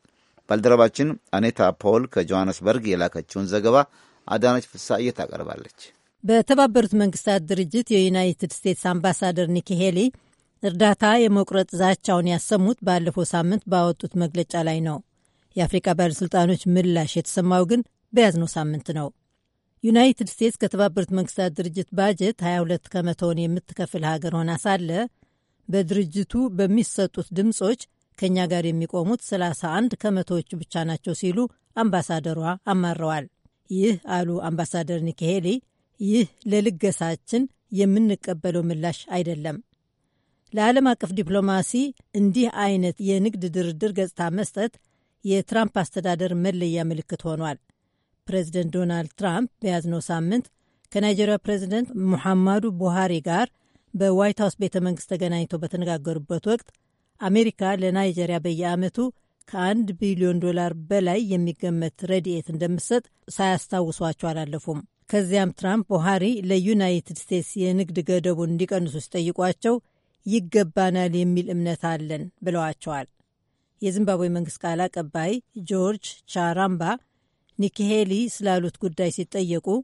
ባልደረባችን አኔታ ፖል ከጆሃንስበርግ የላከችውን ዘገባ አዳነች ፍሳዬ ታቀርባለች። በተባበሩት መንግስታት ድርጅት የዩናይትድ ስቴትስ አምባሳደር ኒኪ ሄሊ እርዳታ የመቁረጥ ዛቻውን ያሰሙት ባለፈው ሳምንት ባወጡት መግለጫ ላይ ነው። የአፍሪካ ባለሥልጣኖች ምላሽ የተሰማው ግን በያዝነው ሳምንት ነው። ዩናይትድ ስቴትስ ከተባበሩት መንግስታት ድርጅት ባጀት 22 ከመቶውን የምትከፍል ሀገር ሆና ሳለ በድርጅቱ በሚሰጡት ድምፆች ከእኛ ጋር የሚቆሙት 31 ከመቶዎቹ ብቻ ናቸው ሲሉ አምባሳደሯ አማረዋል። ይህ አሉ አምባሳደር ኒኪ ሄሊ፣ ይህ ለልገሳችን የምንቀበለው ምላሽ አይደለም። ለዓለም አቀፍ ዲፕሎማሲ እንዲህ አይነት የንግድ ድርድር ገጽታ መስጠት የትራምፕ አስተዳደር መለያ ምልክት ሆኗል። ፕሬዚደንት ዶናልድ ትራምፕ በያዝነው ሳምንት ከናይጄሪያ ፕሬዚደንት ሙሐማዱ ቡሃሪ ጋር በዋይት ሀውስ ቤተ መንግስት ተገናኝተው በተነጋገሩበት ወቅት አሜሪካ ለናይጀሪያ በየዓመቱ ከአንድ ቢሊዮን ዶላር በላይ የሚገመት ረድኤት እንደምትሰጥ ሳያስታውሷቸው አላለፉም። ከዚያም ትራምፕ ቡሃሪ ለዩናይትድ ስቴትስ የንግድ ገደቡን እንዲቀንሱ ሲጠይቋቸው ይገባናል የሚል እምነት አለን ብለዋቸዋል። የዚምባብዌ መንግስት ቃል አቀባይ ጆርጅ ቻራምባ ኒኪ ሄሊ ስላሉት ጉዳይ ሲጠየቁ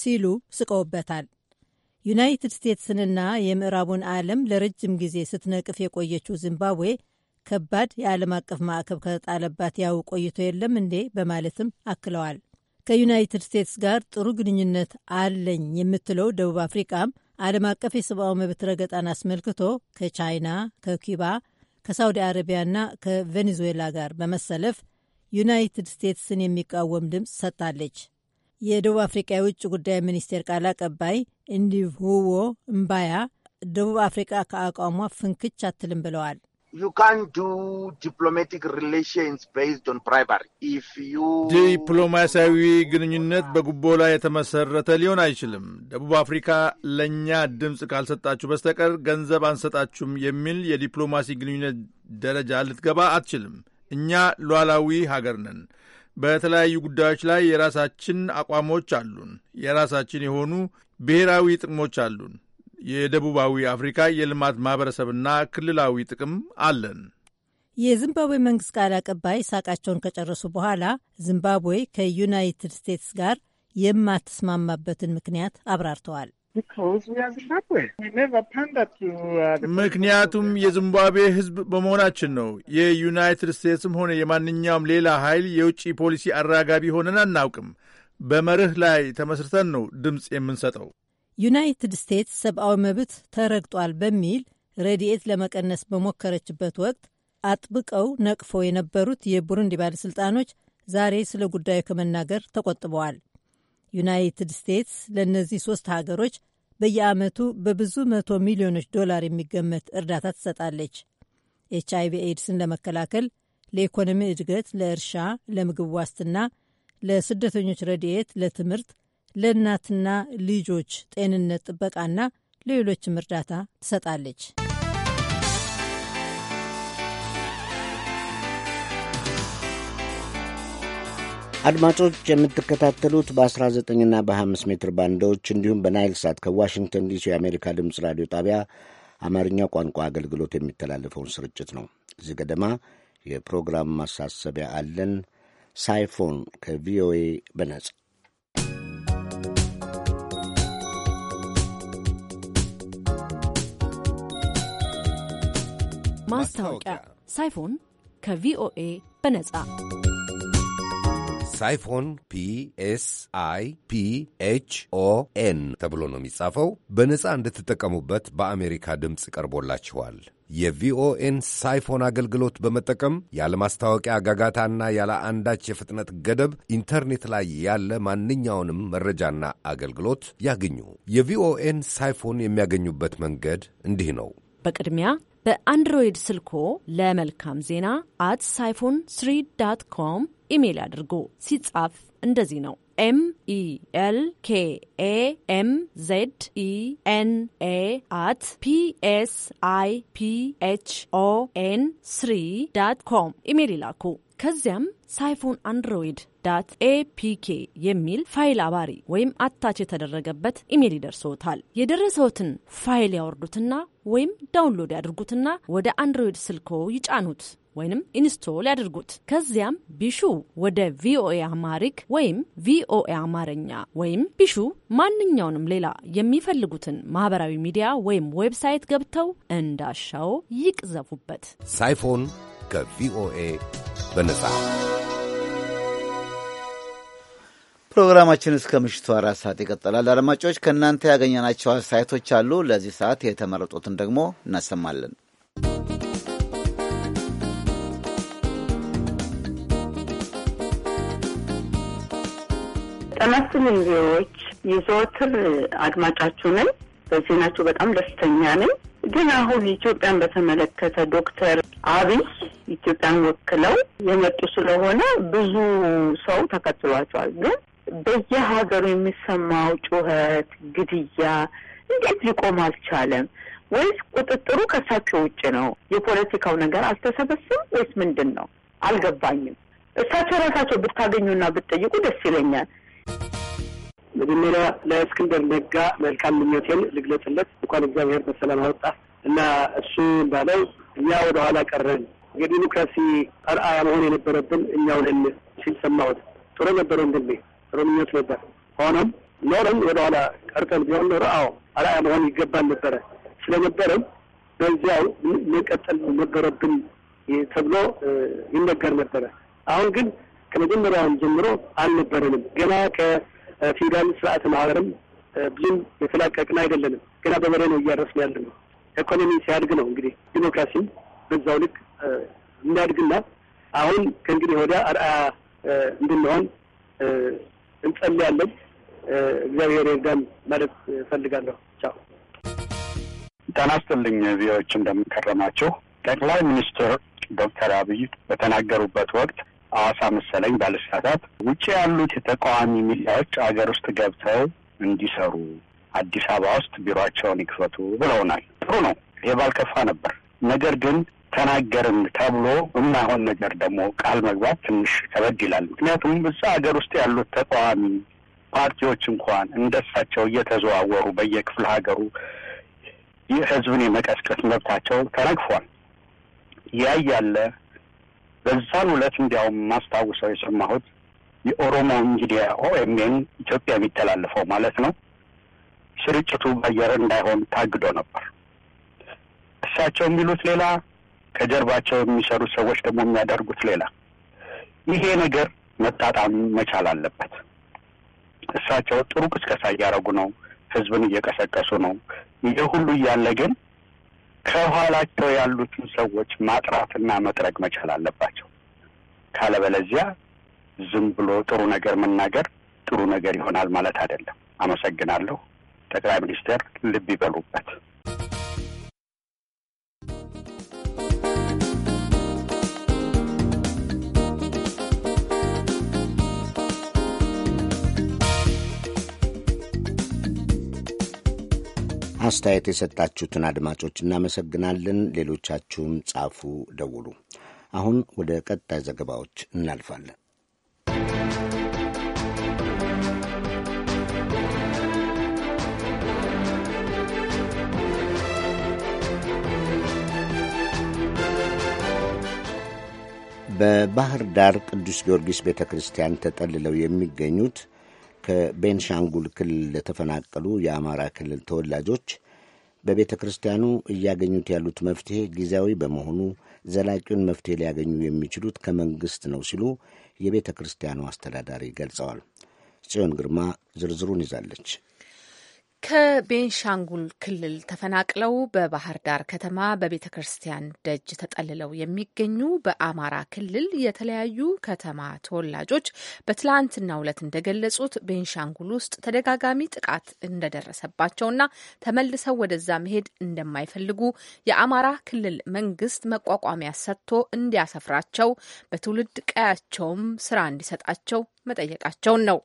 ሲሉ ስቀውበታል። ዩናይትድ ስቴትስንና የምዕራቡን ዓለም ለረጅም ጊዜ ስትነቅፍ የቆየችው ዚምባብዌ ከባድ የዓለም አቀፍ ማዕቀብ ከተጣለባት ያው ቆይቶ የለም እንዴ በማለትም አክለዋል። ከዩናይትድ ስቴትስ ጋር ጥሩ ግንኙነት አለኝ የምትለው ደቡብ አፍሪቃም ዓለም አቀፍ የሰብአዊ መብት ረገጣን አስመልክቶ ከቻይና፣ ከኩባ፣ ከሳውዲ አረቢያና ከቬኔዙዌላ ጋር በመሰለፍ ዩናይትድ ስቴትስን የሚቃወም ድምፅ ሰጥታለች። የደቡብ አፍሪካ የውጭ ጉዳይ ሚኒስቴር ቃል አቀባይ እንዲሁዎ እምባያ ደቡብ አፍሪካ ከአቋሟ ፍንክች አትልም ብለዋል። ዲፕሎማሲያዊ ግንኙነት በጉቦ ላይ የተመሰረተ ሊሆን አይችልም። ደቡብ አፍሪካ ለእኛ ድምፅ ካልሰጣችሁ በስተቀር ገንዘብ አንሰጣችሁም የሚል የዲፕሎማሲ ግንኙነት ደረጃ ልትገባ አትችልም። እኛ ሉዓላዊ ሀገር ነን። በተለያዩ ጉዳዮች ላይ የራሳችን አቋሞች አሉን። የራሳችን የሆኑ ብሔራዊ ጥቅሞች አሉን። የደቡባዊ አፍሪካ የልማት ማህበረሰብና ክልላዊ ጥቅም አለን። የዚምባብዌ መንግሥት ቃል አቀባይ ሳቃቸውን ከጨረሱ በኋላ ዚምባብዌ ከዩናይትድ ስቴትስ ጋር የማትስማማበትን ምክንያት አብራርተዋል። ምክንያቱም የዚምባብዌ ህዝብ በመሆናችን ነው። የዩናይትድ ስቴትስም ሆነ የማንኛውም ሌላ ኃይል የውጭ ፖሊሲ አራጋቢ ሆነን አናውቅም። በመርህ ላይ ተመስርተን ነው ድምፅ የምንሰጠው። ዩናይትድ ስቴትስ ሰብአዊ መብት ተረግጧል በሚል ረድኤት ለመቀነስ በሞከረችበት ወቅት አጥብቀው ነቅፈው የነበሩት የቡሩንዲ ባለሥልጣኖች ዛሬ ስለ ጉዳዩ ከመናገር ተቆጥበዋል። ዩናይትድ ስቴትስ ለእነዚህ ሶስት ሀገሮች በየዓመቱ በብዙ መቶ ሚሊዮኖች ዶላር የሚገመት እርዳታ ትሰጣለች። ኤች አይቪ ኤድስን ለመከላከል፣ ለኢኮኖሚ እድገት፣ ለእርሻ፣ ለምግብ ዋስትና፣ ለስደተኞች ረድኤት፣ ለትምህርት፣ ለእናትና ልጆች ጤንነት ጥበቃና ሌሎችም እርዳታ ትሰጣለች። አድማጮች የምትከታተሉት በ 19 እና በ5 ሜትር ባንዶች እንዲሁም በናይል ሳት ከዋሽንግተን ዲሲ የአሜሪካ ድምፅ ራዲዮ ጣቢያ አማርኛ ቋንቋ አገልግሎት የሚተላለፈውን ስርጭት ነው። እዚህ ገደማ የፕሮግራም ማሳሰቢያ አለን። ሳይፎን ከቪኦኤ በነጻ ማስታወቂያ ሳይፎን ከቪኦኤ በነጻ ሳይፎን ፒ ኤስ አይ ፒ ኤች ኦ ኤን ተብሎ ነው የሚጻፈው። በነጻ እንድትጠቀሙበት በአሜሪካ ድምፅ ቀርቦላችኋል። የቪኦኤን ሳይፎን አገልግሎት በመጠቀም ያለ ማስታወቂያ አጋጋታና ያለ አንዳች የፍጥነት ገደብ ኢንተርኔት ላይ ያለ ማንኛውንም መረጃና አገልግሎት ያገኙ። የቪኦኤን ሳይፎን የሚያገኙበት መንገድ እንዲህ ነው። በቅድሚያ በአንድሮይድ ስልኮ ለመልካም ዜና አት ሳይፎን ስሪ ዳት ኮም ኢሜይል አድርጉ። ሲጻፍ እንደዚህ ነው። ኤም ኢ ኤል ኬ ኤ ኤም ዜድ ኢ ኤን ኤ አት ፒ ኤስ አይ ፒ ኤች ኦ ኤን ስሪ ዳት ኮም ኢሜይል ይላኩ። ከዚያም ሳይፎን አንድሮይድ ዳት ኤፒኬ የሚል ፋይል አባሪ ወይም አታች የተደረገበት ኢሜል ይደርሰዎታል። የደረሰዎትን ፋይል ያወርዱትና ወይም ዳውንሎድ ያድርጉትና ወደ አንድሮይድ ስልኮ ይጫኑት ወይም ኢንስቶል ያድርጉት። ከዚያም ቢሹ ወደ ቪኦኤ አማሪክ ወይም ቪኦኤ አማርኛ ወይም ቢሹ ማንኛውንም ሌላ የሚፈልጉትን ማህበራዊ ሚዲያ ወይም ዌብሳይት ገብተው እንዳሻው ይቅዘፉበት። ሳይፎን ከቪኦኤ በነጻ ፕሮግራማችን እስከ ምሽቱ አራት ሰዓት ይቀጥላል። አድማጮች ከእናንተ ያገኘናቸው አስተያየቶች አሉ። ለዚህ ሰዓት የተመረጡትን ደግሞ እናሰማለን። ጠናትን ቪዎች የዘወትር አድማጫችሁ ነኝ። በዜናቸው በጣም ደስተኛ ነኝ። ግን አሁን ኢትዮጵያን በተመለከተ ዶክተር አብይ ኢትዮጵያን ወክለው የመጡ ስለሆነ ብዙ ሰው ተከትሏቸዋል። ግን በየሀገሩ የሚሰማው ጩኸት፣ ግድያ እንዴት ሊቆም አልቻለም? ወይስ ቁጥጥሩ ከእሳቸው ውጭ ነው? የፖለቲካው ነገር አልተሰበስም ወይስ ምንድን ነው? አልገባኝም። እሳቸው ራሳቸው ብታገኙና ብትጠይቁ ደስ ይለኛል። መጀመሪያ ለእስክንደር ነጋ መልካም ምኞቴን ልግለጽለት። እንኳን እግዚአብሔር በሰላም አወጣ እና እሱ እንዳለው እኛ ወደ ኋላ ቀረን፣ የዲሞክራሲ አርአያ መሆን የነበረብን እኛው ነን ሲል ሰማሁት። ጥሩ ነበር ወንድሜ፣ ጥሩ ምኞት ነበር። ሆኖም ኖረን ወደ ኋላ ቀርተን ቢሆን ኖረ፣ አዎ አርአያ መሆን ይገባን ነበረ። ስለነበረም በዚያው መቀጠል ነበረብን ተብሎ ይነገር ነበረ። አሁን ግን ከመጀመሪያውን ጀምሮ አልነበረንም። ገና ከ ፊውዳል ስርዓት ማህበርም ብዙም የተላቀቅን አይደለንም። ገና በበሬ ነው እያደረስን ያለ ነው። ኢኮኖሚ ሲያድግ ነው እንግዲህ ዲሞክራሲም በዛው ልክ የሚያድግና አሁን ከእንግዲህ ወዲያ አርአያ እንድንሆን እንጸልያለን። እግዚአብሔር ይርዳን ማለት እፈልጋለሁ። ቻው። ጤና ይስጥልኝ ቪዎች እንደምንከረማቸው ጠቅላይ ሚኒስትር ዶክተር አብይ በተናገሩበት ወቅት አዋሳ መሰለኝ ባለስልጣናት ውጭ ያሉት የተቃዋሚ ሚዲያዎች አገር ውስጥ ገብተው እንዲሰሩ አዲስ አበባ ውስጥ ቢሮቸውን ይክፈቱ ብለውናል። ጥሩ ነው፣ ይሄ ባልከፋ ነበር። ነገር ግን ተናገርን ተብሎ የማይሆን ነገር ደግሞ ቃል መግባት ትንሽ ከበድ ይላል። ምክንያቱም እዛ ሀገር ውስጥ ያሉት ተቃዋሚ ፓርቲዎች እንኳን እንደሳቸው እየተዘዋወሩ በየክፍለ ሀገሩ ህዝብን የመቀስቀስ መብታቸው ተነግፏል። ያ ያለ በዛን ሁለት እንዲያውም ማስታውሰው የሰማሁት የኦሮሞ ሚዲያ ኦኤምኤን ኢትዮጵያ የሚተላለፈው ማለት ነው ስርጭቱ በአየር እንዳይሆን ታግዶ ነበር። እሳቸው የሚሉት ሌላ፣ ከጀርባቸው የሚሰሩት ሰዎች ደግሞ የሚያደርጉት ሌላ። ይሄ ነገር መጣጣም መቻል አለበት። እሳቸው ጥሩ ቅስቀሳ እያደረጉ ነው፣ ህዝብን እየቀሰቀሱ ነው። ይሄ ሁሉ እያለ ግን ከኋላቸው ያሉትን ሰዎች ማጥራትና መጥረግ መቻል አለባቸው። ካለበለዚያ ዝም ብሎ ጥሩ ነገር መናገር ጥሩ ነገር ይሆናል ማለት አይደለም። አመሰግናለሁ። ጠቅላይ ሚኒስትር ልብ ይበሉበት። አስተያየት የሰጣችሁትን አድማጮች እናመሰግናለን። ሌሎቻችሁም ጻፉ፣ ደውሉ። አሁን ወደ ቀጣይ ዘገባዎች እናልፋለን። በባህር ዳር ቅዱስ ጊዮርጊስ ቤተ ክርስቲያን ተጠልለው የሚገኙት ከቤንሻንጉል ክልል ለተፈናቀሉ የአማራ ክልል ተወላጆች በቤተ ክርስቲያኑ እያገኙት ያሉት መፍትሄ ጊዜያዊ በመሆኑ ዘላቂውን መፍትሄ ሊያገኙ የሚችሉት ከመንግሥት ነው ሲሉ የቤተ ክርስቲያኑ አስተዳዳሪ ገልጸዋል። ጽዮን ግርማ ዝርዝሩን ይዛለች። ከቤንሻንጉል ክልል ተፈናቅለው በባህር ዳር ከተማ በቤተ ክርስቲያን ደጅ ተጠልለው የሚገኙ በአማራ ክልል የተለያዩ ከተማ ተወላጆች በትላንትናው ዕለት እንደገለጹት ቤንሻንጉል ውስጥ ተደጋጋሚ ጥቃት እንደደረሰባቸውና ተመልሰው ወደዛ መሄድ እንደማይፈልጉ የአማራ ክልል መንግስት መቋቋሚያ ሰጥቶ እንዲያሰፍራቸው በትውልድ ቀያቸውም ስራ እንዲሰጣቸው መጠየቃቸውን ነው።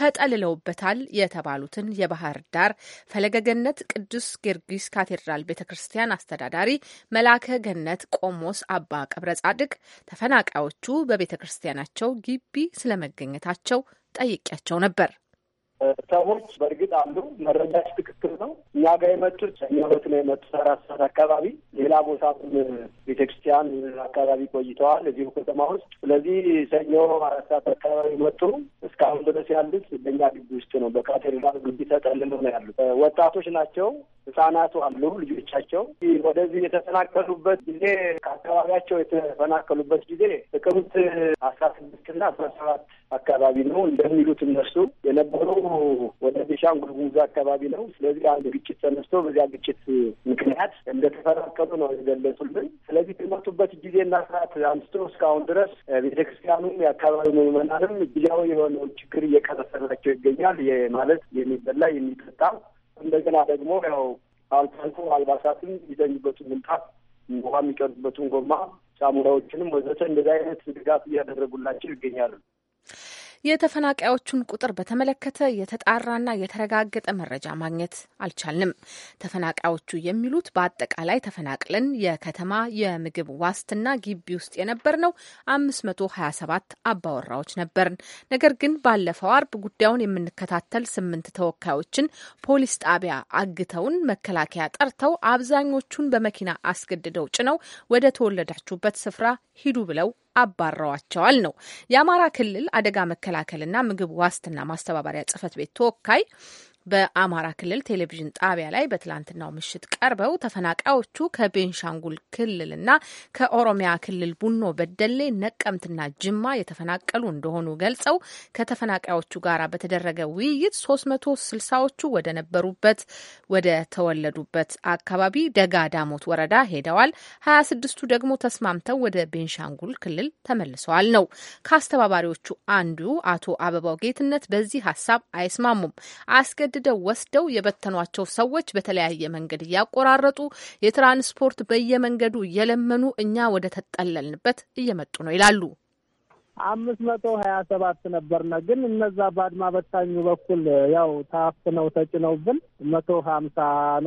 ተጠልለውበታል የተባሉትን የባህር ዳር ፈለገገነት ቅዱስ ጊዮርጊስ ካቴድራል ቤተ ክርስቲያን አስተዳዳሪ መላከ ገነት ቆሞስ አባ ቀብረ ጻድቅ ተፈናቃዮቹ በቤተ ክርስቲያናቸው ግቢ ስለመገኘታቸው ጠይቂያቸው ነበር። ሰዎች በእርግጥ አሉ። መረጃች ትክክል ነው። እኛ ጋር የመጡት ሰኞ ዕለት ነው የመጡት አራት ሰዓት አካባቢ። ሌላ ቦታም ቤተክርስቲያን አካባቢ ቆይተዋል እዚሁ ከተማ ውስጥ። ስለዚህ ሰኞ አራት ሰዓት አካባቢ መጡ። እስካሁን ድረስ ያሉት በእኛ ግቢ ውስጥ ነው፣ በካቴድራል ግቢ ተጠልሎ ነው ያሉት። ወጣቶች ናቸው፣ ህጻናቱ አሉ፣ ልጆቻቸው ወደዚህ የተፈናቀሉበት ጊዜ ከአካባቢያቸው የተፈናቀሉበት ጊዜ ጥቅምት አስራ ስድስት እና አስራ ሰባት አካባቢ ነው እንደሚሉት እነሱ የነበሩ ወደ ቤንሻንጉል ጉሙዝ አካባቢ ነው። ስለዚህ አንድ ግጭት ተነስቶ በዚያ ግጭት ምክንያት እንደተፈናቀሉ ነው የገለጹልን። ስለዚህ ከመጡበት ጊዜና ሰዓት አንስቶ እስካሁን ድረስ ቤተክርስቲያኑም የአካባቢ ምዕመናንም ጊዜያዊ የሆነው ችግር እየቀረፈላቸው ይገኛል። ማለት የሚበላ የሚጠጣ እንደገና ደግሞ ያው አልፎ አልፎ አልባሳትም የሚተኙበትን ምንጣፍ ውሃ የሚቀዱበትን ጎማ ሳሙናዎችንም ወዘተ እንደዚህ አይነት ድጋፍ እያደረጉላቸው ይገኛሉ። የተፈናቃዮቹን ቁጥር በተመለከተ የተጣራና የተረጋገጠ መረጃ ማግኘት አልቻልንም። ተፈናቃዮቹ የሚሉት በአጠቃላይ ተፈናቅለን የከተማ የምግብ ዋስትና ግቢ ውስጥ የነበርነው 527 አባወራዎች ነበርን። ነገር ግን ባለፈው አርብ ጉዳዩን የምንከታተል ስምንት ተወካዮችን ፖሊስ ጣቢያ አግተውን መከላከያ ጠርተው አብዛኞቹን በመኪና አስገድደው ጭነው ወደ ተወለዳችሁበት ስፍራ ሂዱ ብለው አባረዋቸዋል ነው። የአማራ ክልል አደጋ መከላከልና ምግብ ዋስትና ማስተባበሪያ ጽህፈት ቤት ተወካይ በአማራ ክልል ቴሌቪዥን ጣቢያ ላይ በትላንትናው ምሽት ቀርበው ተፈናቃዮቹ ከቤንሻንጉል ክልልና ከኦሮሚያ ክልል ቡኖ በደሌ፣ ነቀምትና ጅማ የተፈናቀሉ እንደሆኑ ገልጸው ከተፈናቃዮቹ ጋር በተደረገ ውይይት ሶስት መቶ ስልሳዎቹ ወደ ነበሩበት ወደ ተወለዱበት አካባቢ ደጋ ዳሞት ወረዳ ሄደዋል። ሀያ ስድስቱ ደግሞ ተስማምተው ወደ ቤንሻንጉል ክልል ተመልሰዋል ነው። ከአስተባባሪዎቹ አንዱ አቶ አበባው ጌትነት በዚህ ሀሳብ አይስማሙም። አስገድደው ወስደው የበተኗቸው ሰዎች በተለያየ መንገድ እያቆራረጡ የትራንስፖርት በየመንገዱ እየለመኑ እኛ ወደ ተጠለልንበት እየመጡ ነው ይላሉ። አምስት መቶ ሀያ ሰባት ነበርነ ግን እነዛ በአድማ በታኙ በኩል ያው ታፍነው ተጭነውብን መቶ ሀምሳ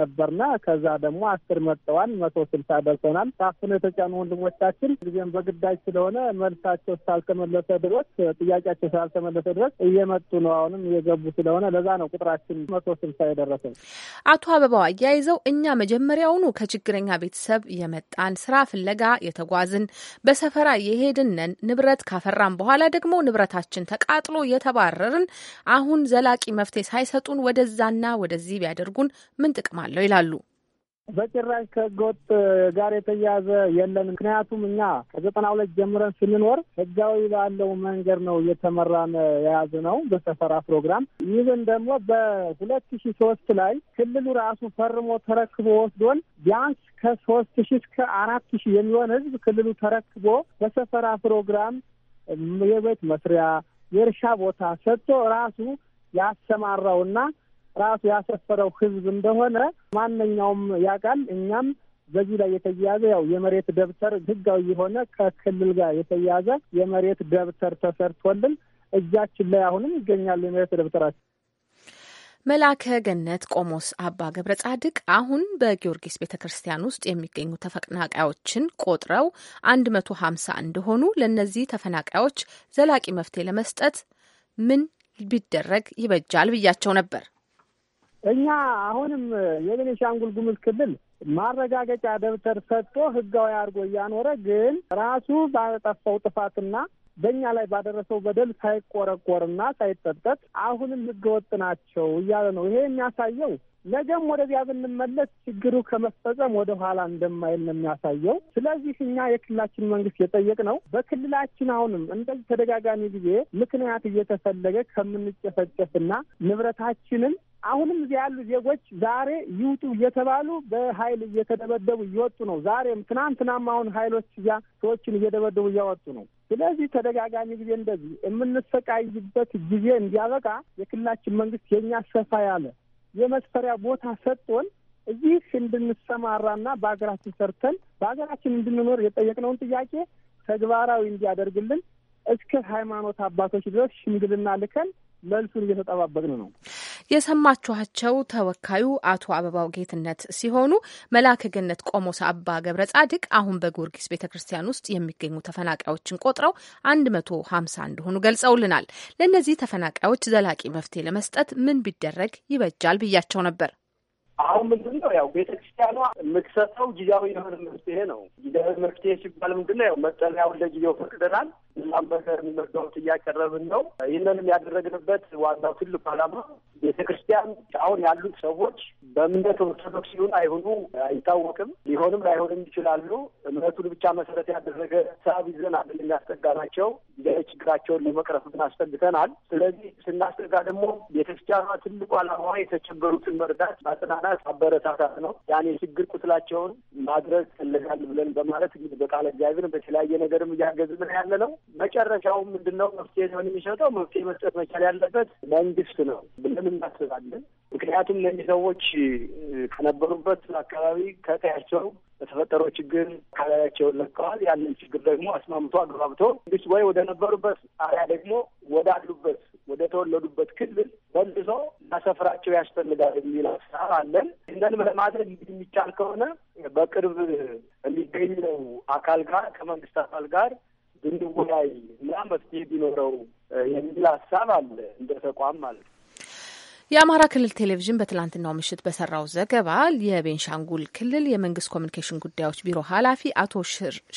ነበርና ከዛ ደግሞ አስር መጠዋል መቶ ስልሳ ደርሰናል። ታፍነው የተጫኑ ወንድሞቻችን ጊዜም በግዳጅ ስለሆነ መልሳቸው ስላልተመለሰ ድረስ ጥያቄያቸው ስላልተመለሰ ድረስ እየመጡ ነው። አሁንም እየገቡ ስለሆነ ለዛ ነው ቁጥራችን መቶ ስልሳ የደረሰው። አቶ አበባው አያይዘው እኛ መጀመሪያውኑ ከችግረኛ ቤተሰብ የመጣን ስራ ፍለጋ የተጓዝን በሰፈራ የሄድን ንብረት ካፈራ ከሰራም በኋላ ደግሞ ንብረታችን ተቃጥሎ የተባረርን አሁን ዘላቂ መፍትሄ ሳይሰጡን ወደዛና ወደዚህ ቢያደርጉን ምን ጥቅም አለው ይላሉ። በጭራሽ ከህገወጥ ጋር የተያያዘ የለም። ምክንያቱም እኛ ከዘጠና ሁለት ጀምረን ስንኖር ህጋዊ ባለው መንገድ ነው እየተመራን የያዝ ነው በሰፈራ ፕሮግራም። ይህን ደግሞ በሁለት ሺ ሶስት ላይ ክልሉ ራሱ ፈርሞ ተረክቦ ወስዶን ቢያንስ ከሶስት ሺ እስከ አራት ሺ የሚሆን ህዝብ ክልሉ ተረክቦ በሰፈራ ፕሮግራም የቤት መስሪያ፣ የእርሻ ቦታ ሰጥቶ ራሱ ያሰማራውና ራሱ ያሰፈረው ህዝብ እንደሆነ ማንኛውም ያውቃል። እኛም በዚህ ላይ የተያያዘ ያው የመሬት ደብተር ህጋዊ የሆነ ከክልል ጋር የተያያዘ የመሬት ደብተር ተሰርቶልን እጃችን ላይ አሁንም ይገኛሉ የመሬት ደብተራችን መልአከ ገነት ቆሞስ አባ ገብረ ጻድቅ አሁን በጊዮርጊስ ቤተ ክርስቲያን ውስጥ የሚገኙ ተፈናቃዮችን ቆጥረው 150 እንደሆኑ፣ ለእነዚህ ተፈናቃዮች ዘላቂ መፍትሄ ለመስጠት ምን ቢደረግ ይበጃል ብያቸው ነበር። እኛ አሁንም የቤኒሻንጉል ጉሙዝ ክልል ማረጋገጫ ደብተር ሰጥቶ ህጋዊ አድርጎ እያኖረ ግን ራሱ ባጠፋው ጥፋትና በእኛ ላይ ባደረሰው በደል ሳይቆረቆርና ሳይጠጠት አሁንም ህገወጥ ናቸው እያለ ነው። ይሄ የሚያሳየው ነገም ወደዚያ ብንመለስ ችግሩ ከመፈጸም ወደ ኋላ እንደማይል ነው የሚያሳየው። ስለዚህ እኛ የክልላችን መንግስት የጠየቅነው በክልላችን አሁንም እንደዚህ ተደጋጋሚ ጊዜ ምክንያት እየተፈለገ ከምንጨፈጨፍና ንብረታችንን አሁንም እዚህ ያሉ ዜጎች ዛሬ ይውጡ እየተባሉ በኃይል እየተደበደቡ እየወጡ ነው። ዛሬም ትናንትናም አሁን ኃይሎች እዚያ ሰዎችን እየደበደቡ እያወጡ ነው። ስለዚህ ተደጋጋሚ ጊዜ እንደዚህ የምንሰቃይበት ጊዜ እንዲያበቃ የክልላችን መንግስት የእኛ ሰፋ ያለ የመስፈሪያ ቦታ ሰጥቶን እዚህ እንድንሰማራና በሀገራችን ሰርተን በሀገራችን እንድንኖር የጠየቅነውን ጥያቄ ተግባራዊ እንዲያደርግልን እስከ ሃይማኖት አባቶች ድረስ ሽምግልና ልከን መልሱን እየተጠባበቅን ነው። የሰማችኋቸው ተወካዩ አቶ አበባው ጌትነት ሲሆኑ መልአከ ገነት ቆሞስ አባ ገብረ ጻድቅ አሁን በጊዮርጊስ ቤተ ክርስቲያን ውስጥ የሚገኙ ተፈናቃዮችን ቆጥረው አንድ መቶ ሀምሳ እንደሆኑ ገልጸውልናል። ለእነዚህ ተፈናቃዮች ዘላቂ መፍትሄ ለመስጠት ምን ቢደረግ ይበጃል ብያቸው ነበር። አሁን ምንድን ነው ያው ቤተ ክርስቲያኗ የምትሰጠው ጊዜያዊ የሆነ መፍትሄ ነው። ጊዜያዊ መፍትሄ ሲባል ምንድን ነው? መጠለያውን ለጊዜው ፈቅደናል። ሌላም በመርዳት እያቀረብን ነው። ይህንንም ያደረግንበት ዋናው ትልቁ ዓላማ ቤተ ክርስቲያን አሁን ያሉት ሰዎች በእምነት ኦርቶዶክስ ይሁን አይሁኑ አይታወቅም። ሊሆንም ላይሆንም ይችላሉ። እምነቱን ብቻ መሰረት ያደረገ ሳብ ይዘን የሚያስጠጋ ናቸው። ጊዜያዊ ችግራቸውን ለመቅረፍ አስጠግተናል። ስለዚህ ስናስጠጋ ደግሞ ቤተክርስቲያኗ ትልቁ ዓላማዋ የተቸገሩትን መርዳት፣ ማጽናናት፣ አበረታታት ነው። ያን የችግር ቁስላቸውን ማድረግ ፈልጋል ብለን በማለት እንግዲህ በቃለ እግዚአብሔርን በተለያየ ነገርም እያገዝን ያለ ነው። መጨረሻው ምንድን ነው መፍትሄ ሊሆን የሚሰጠው መፍትሄ መስጠት መቻል ያለበት መንግስት ነው ብለን እናስባለን። ምክንያቱም እነዚህ ሰዎች ከነበሩበት አካባቢ ከቀያቸው በተፈጠረው ችግር አካባቢያቸውን ለቀዋል። ያንን ችግር ደግሞ አስማምቶ አግባብቶ መንግስት ወይ ወደ ነበሩበት አሪያ ደግሞ ወዳሉበት ወደ ተወለዱበት ክልል መልሶ ማሰፍራቸው ያስፈልጋል የሚል ሀሳብ አለን። ይህንን ለማድረግ የሚቻል ከሆነ በቅርብ የሚገኘው አካል ጋር ከመንግስት አካል ጋር ብንወያይ እና መፍትሄ ቢኖረው የሚል ሀሳብ አለ እንደ ተቋም ማለት ነው። የአማራ ክልል ቴሌቪዥን በትላንትናው ምሽት በሰራው ዘገባ የቤንሻንጉል ክልል የመንግስት ኮሚኒኬሽን ጉዳዮች ቢሮ ኃላፊ አቶ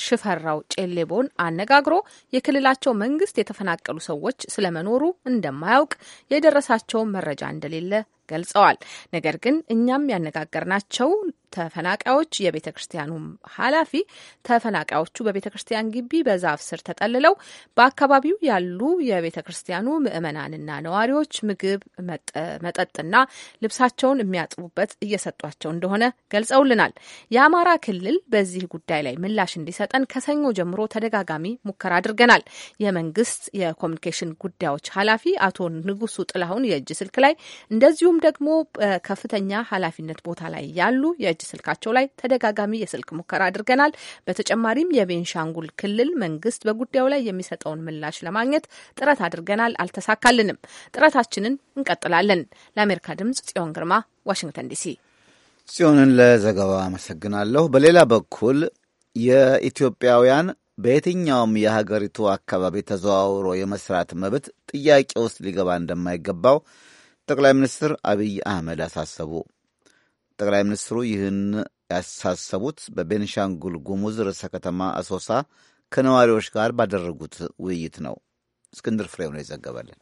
ሽፈራው ጬሌቦን አነጋግሮ የክልላቸው መንግስት የተፈናቀሉ ሰዎች ስለመኖሩ እንደማያውቅ የደረሳቸውን መረጃ እንደሌለ ገልጸዋል። ነገር ግን እኛም ያነጋገርናቸው ተፈናቃዮች የቤተ ክርስቲያኑ ኃላፊ ተፈናቃዮቹ በቤተ ክርስቲያን ግቢ በዛፍ ስር ተጠልለው በአካባቢው ያሉ የቤተ ክርስቲያኑ ምዕመናንና ነዋሪዎች ምግብ፣ መጠጥና ልብሳቸውን የሚያጥቡበት እየሰጧቸው እንደሆነ ገልጸውልናል። የአማራ ክልል በዚህ ጉዳይ ላይ ምላሽ እንዲሰጠን ከሰኞ ጀምሮ ተደጋጋሚ ሙከራ አድርገናል። የመንግስት የኮሚኒኬሽን ጉዳዮች ኃላፊ አቶ ንጉሱ ጥላሁን የእጅ ስልክ ላይ እንደዚሁም ደግሞ በከፍተኛ ኃላፊነት ቦታ ላይ ያሉ የእጅ ስልካቸው ላይ ተደጋጋሚ የስልክ ሙከራ አድርገናል። በተጨማሪም የቤንሻንጉል ክልል መንግስት በጉዳዩ ላይ የሚሰጠውን ምላሽ ለማግኘት ጥረት አድርገናል፣ አልተሳካልንም። ጥረታችንን እንቀጥላለን። ለአሜሪካ ድምጽ ጽዮን ግርማ ዋሽንግተን ዲሲ። ጽዮንን ለዘገባው አመሰግናለሁ። በሌላ በኩል የኢትዮጵያውያን በየትኛውም የሀገሪቱ አካባቢ ተዘዋውሮ የመስራት መብት ጥያቄ ውስጥ ሊገባ እንደማይገባው ጠቅላይ ሚኒስትር አብይ አህመድ አሳሰቡ። ጠቅላይ ሚኒስትሩ ይህን ያሳሰቡት በቤንሻንጉል ጉሙዝ ርዕሰ ከተማ አሶሳ ከነዋሪዎች ጋር ባደረጉት ውይይት ነው። እስክንድር ፍሬው ነው ይዘገበልን።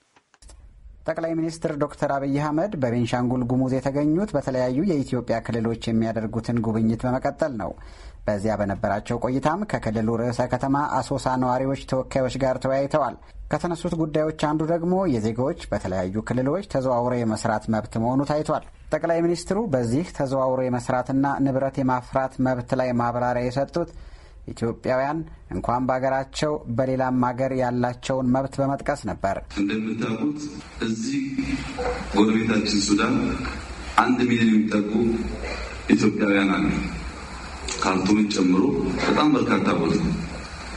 ጠቅላይ ሚኒስትር ዶክተር አብይ አህመድ በቤንሻንጉል ጉሙዝ የተገኙት በተለያዩ የኢትዮጵያ ክልሎች የሚያደርጉትን ጉብኝት በመቀጠል ነው። በዚያ በነበራቸው ቆይታም ከክልሉ ርዕሰ ከተማ አሶሳ ነዋሪዎች ተወካዮች ጋር ተወያይተዋል። ከተነሱት ጉዳዮች አንዱ ደግሞ የዜጋዎች በተለያዩ ክልሎች ተዘዋውሮ የመስራት መብት መሆኑ ታይቷል። ጠቅላይ ሚኒስትሩ በዚህ ተዘዋውሮ የመስራትና ንብረት የማፍራት መብት ላይ ማብራሪያ የሰጡት ኢትዮጵያውያን እንኳን በሀገራቸው በሌላም ሀገር ያላቸውን መብት በመጥቀስ ነበር። እንደምታውቁት እዚህ ጎረቤታችን ሱዳን አንድ ሚሊዮን የሚጠጉ ኢትዮጵያውያን አሉ፣ ካርቱምን ጨምሮ በጣም በርካታ ቦታ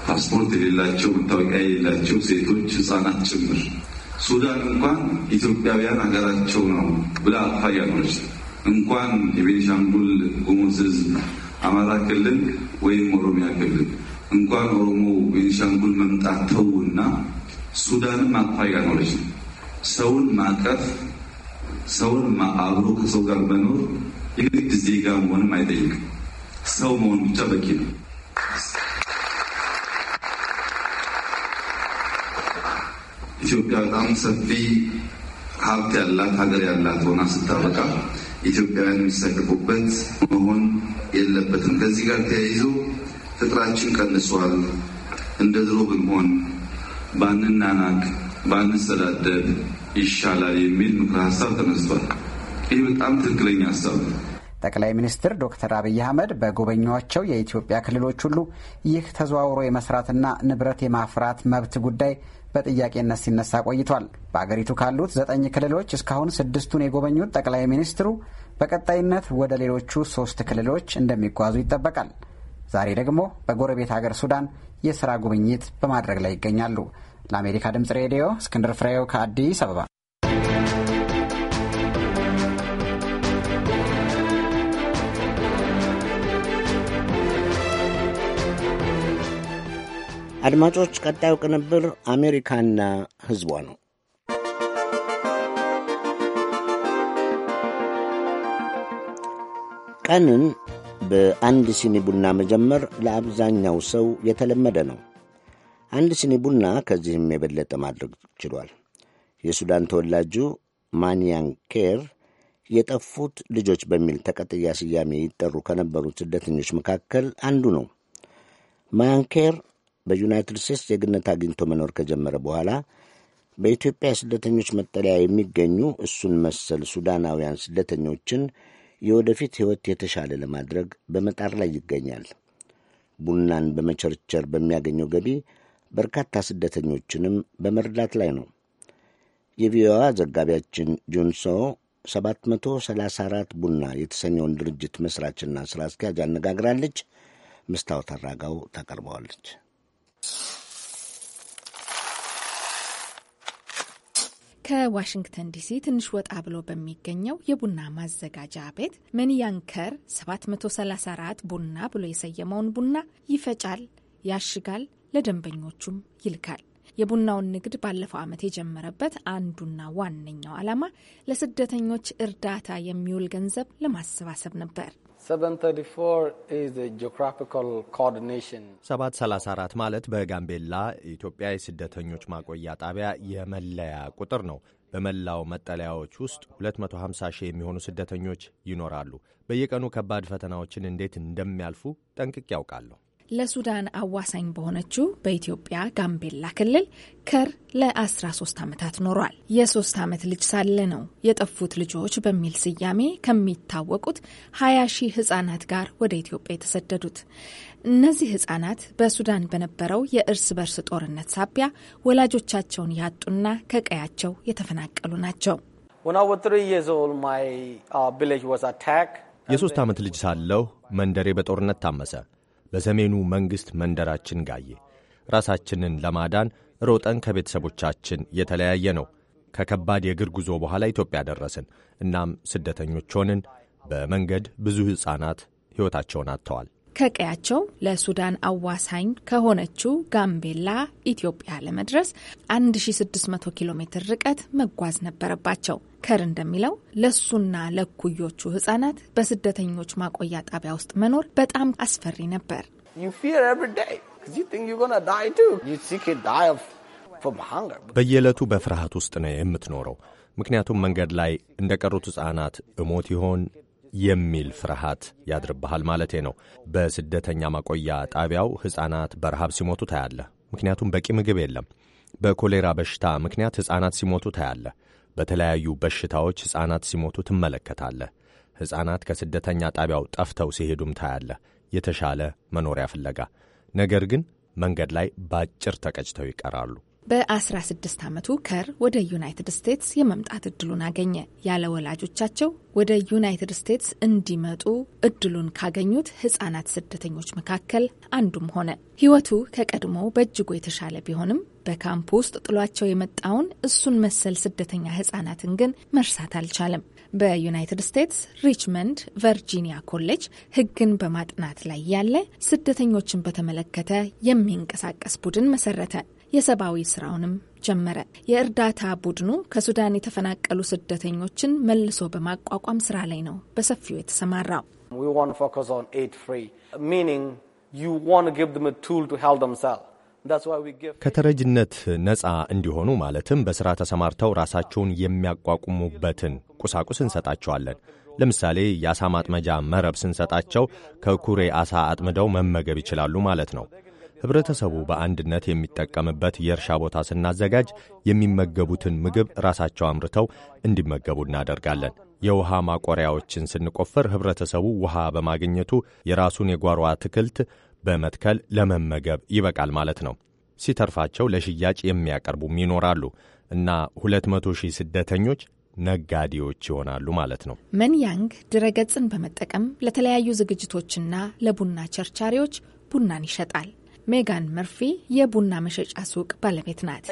ፓስፖርት የሌላቸው መታወቂያ የሌላቸው ሴቶች፣ ህጻናት ጭምር ሱዳን እንኳን ኢትዮጵያውያን ሀገራቸው ነው ብላ አቅፋ እንኳን የቤኒሻንጉል ጉሙዝ ህዝብ አማራ ክልል ወይም ኦሮሚያ ክልል እንኳን ኦሮሞ ቤኒሻንጉል መምጣት ተውና ሱዳንም አቅፋ ያኖረች ነው። ሰውን ማቀፍ ሰውን አብሮ ከሰው ጋር መኖር የግድ ዜጋ መሆንም አይጠይቅም። ሰው መሆን ብቻ በቂ ነው። ኢትዮጵያ በጣም ሰፊ ሀብት ያላት ሀገር ያላት ሆና ስታበቃ ኢትዮጵያውያን የሚሰድቡበት መሆን የለበትም። ከዚህ ጋር ተያይዞ ፍቅራችን ቀንሷል፣ እንደ ድሮ ብንሆን ባንናናቅ፣ ባንሰዳደብ ይሻላል የሚል ምክረ ሀሳብ ተነስቷል። ይህ በጣም ትክክለኛ ሀሳብ ነው። ጠቅላይ ሚኒስትር ዶክተር አብይ አህመድ በጎበኟቸው የኢትዮጵያ ክልሎች ሁሉ ይህ ተዘዋውሮ የመስራትና ንብረት የማፍራት መብት ጉዳይ በጥያቄነት ሲነሳ ቆይቷል። በአገሪቱ ካሉት ዘጠኝ ክልሎች እስካሁን ስድስቱን የጎበኙት ጠቅላይ ሚኒስትሩ በቀጣይነት ወደ ሌሎቹ ሶስት ክልሎች እንደሚጓዙ ይጠበቃል። ዛሬ ደግሞ በጎረቤት ሀገር ሱዳን የሥራ ጉብኝት በማድረግ ላይ ይገኛሉ። ለአሜሪካ ድምፅ ሬዲዮ እስክንድር ፍሬው ከአዲስ አበባ አድማጮች፣ ቀጣዩ ቅንብር አሜሪካና ህዝቧ ነው። ቀንን በአንድ ሲኒ ቡና መጀመር ለአብዛኛው ሰው የተለመደ ነው። አንድ ሲኒ ቡና ከዚህም የበለጠ ማድረግ ችሏል። የሱዳን ተወላጁ ማንያን ኬር የጠፉት ልጆች በሚል ተቀጥያ ስያሜ ይጠሩ ከነበሩት ስደተኞች መካከል አንዱ ነው። ማንኬር በዩናይትድ ስቴትስ ዜግነት አግኝቶ መኖር ከጀመረ በኋላ በኢትዮጵያ ስደተኞች መጠለያ የሚገኙ እሱን መሰል ሱዳናውያን ስደተኞችን የወደፊት ሕይወት የተሻለ ለማድረግ በመጣር ላይ ይገኛል። ቡናን በመቸርቸር በሚያገኘው ገቢ በርካታ ስደተኞችንም በመርዳት ላይ ነው። የቪዮዋ ዘጋቢያችን ጁንሶ 734 ቡና የተሰኘውን ድርጅት መስራችና ሥራ አስኪያጅ አነጋግራለች። ምስታወት አራጋው ታቀርበዋለች። ከዋሽንግተን ዲሲ ትንሽ ወጣ ብሎ በሚገኘው የቡና ማዘጋጃ ቤት መንያንከር 734 ቡና ብሎ የሰየመውን ቡና ይፈጫል፣ ያሽጋል፣ ለደንበኞቹም ይልካል። የቡናውን ንግድ ባለፈው ዓመት የጀመረበት አንዱና ዋነኛው ዓላማ ለስደተኞች እርዳታ የሚውል ገንዘብ ለማሰባሰብ ነበር። ሰባት ማለት በጋምቤላ ኢትዮጵያ የስደተኞች ማቆያ ጣቢያ የመለያ ቁጥር ነው። በመላው መጠለያዎች ውስጥ 250 ሺህ የሚሆኑ ስደተኞች ይኖራሉ። በየቀኑ ከባድ ፈተናዎችን እንዴት እንደሚያልፉ ጠንቅቄ ያውቃለሁ። ለሱዳን አዋሳኝ በሆነችው በኢትዮጵያ ጋምቤላ ክልል ከር ለ13 ዓመታት ኖሯል። የሶስት ዓመት ልጅ ሳለ ነው የጠፉት ልጆች በሚል ስያሜ ከሚታወቁት 20 ሺህ ህጻናት ጋር ወደ ኢትዮጵያ የተሰደዱት። እነዚህ ህጻናት በሱዳን በነበረው የእርስ በርስ ጦርነት ሳቢያ ወላጆቻቸውን ያጡና ከቀያቸው የተፈናቀሉ ናቸው። uh, የሶስት ዓመት ልጅ ሳለሁ መንደሬ በጦርነት ታመሰ። በሰሜኑ መንግሥት መንደራችን ጋየ። ራሳችንን ለማዳን ሮጠን ከቤተሰቦቻችን የተለያየ ነው። ከከባድ የእግር ጉዞ በኋላ ኢትዮጵያ ደረስን። እናም ስደተኞች ሆንን። በመንገድ ብዙ ሕፃናት ሕይወታቸውን አጥተዋል። ከቀያቸው ለሱዳን አዋሳኝ ከሆነችው ጋምቤላ ኢትዮጵያ ለመድረስ 1600 ኪሎ ሜትር ርቀት መጓዝ ነበረባቸው። ከር እንደሚለው ለሱና ለኩዮቹ ህጻናት በስደተኞች ማቆያ ጣቢያ ውስጥ መኖር በጣም አስፈሪ ነበር። በየዕለቱ በፍርሃት ውስጥ ነው የምትኖረው። ምክንያቱም መንገድ ላይ እንደ ቀሩት እሞት ይሆን የሚል ፍርሃት ያድርብሃል ማለቴ ነው። በስደተኛ ማቆያ ጣቢያው ሕፃናት በረሃብ ሲሞቱ ታያለህ፣ ምክንያቱም በቂ ምግብ የለም። በኮሌራ በሽታ ምክንያት ሕፃናት ሲሞቱ ታያለህ። በተለያዩ በሽታዎች ሕፃናት ሲሞቱ ትመለከታለህ። ሕፃናት ከስደተኛ ጣቢያው ጠፍተው ሲሄዱም ታያለህ፣ የተሻለ መኖሪያ ፍለጋ። ነገር ግን መንገድ ላይ ባጭር ተቀጭተው ይቀራሉ። በ16 ዓመቱ ከር ወደ ዩናይትድ ስቴትስ የመምጣት እድሉን አገኘ። ያለ ወላጆቻቸው ወደ ዩናይትድ ስቴትስ እንዲመጡ እድሉን ካገኙት ህጻናት ስደተኞች መካከል አንዱም ሆነ። ህይወቱ ከቀድሞ በእጅጉ የተሻለ ቢሆንም በካምፕ ውስጥ ጥሏቸው የመጣውን እሱን መሰል ስደተኛ ህጻናትን ግን መርሳት አልቻለም። በዩናይትድ ስቴትስ ሪችመንድ ቨርጂኒያ ኮሌጅ ህግን በማጥናት ላይ ያለ ስደተኞችን በተመለከተ የሚንቀሳቀስ ቡድን መሰረተ። የሰብአዊ ስራውንም ጀመረ። የእርዳታ ቡድኑ ከሱዳን የተፈናቀሉ ስደተኞችን መልሶ በማቋቋም ስራ ላይ ነው በሰፊው የተሰማራው። ከተረጅነት ነፃ እንዲሆኑ ማለትም በሥራ ተሰማርተው ራሳቸውን የሚያቋቁሙበትን ቁሳቁስ እንሰጣቸዋለን። ለምሳሌ የአሳ ማጥመጃ መረብ ስንሰጣቸው ከኩሬ አሳ አጥምደው መመገብ ይችላሉ ማለት ነው። ህብረተሰቡ በአንድነት የሚጠቀምበት የእርሻ ቦታ ስናዘጋጅ የሚመገቡትን ምግብ ራሳቸው አምርተው እንዲመገቡ እናደርጋለን። የውሃ ማቆሪያዎችን ስንቆፍር ህብረተሰቡ ውሃ በማግኘቱ የራሱን የጓሮ አትክልት በመትከል ለመመገብ ይበቃል ማለት ነው። ሲተርፋቸው ለሽያጭ የሚያቀርቡም ይኖራሉ እና ሁለት ሺህ ስደተኞች ነጋዴዎች ይሆናሉ ማለት ነው። መንያንግ ድረገጽን በመጠቀም ለተለያዩ ዝግጅቶችና ለቡና ቸርቻሪዎች ቡናን ይሸጣል። ሜጋን መርፊ የቡና መሸጫ ሱቅ ባለቤት ናት።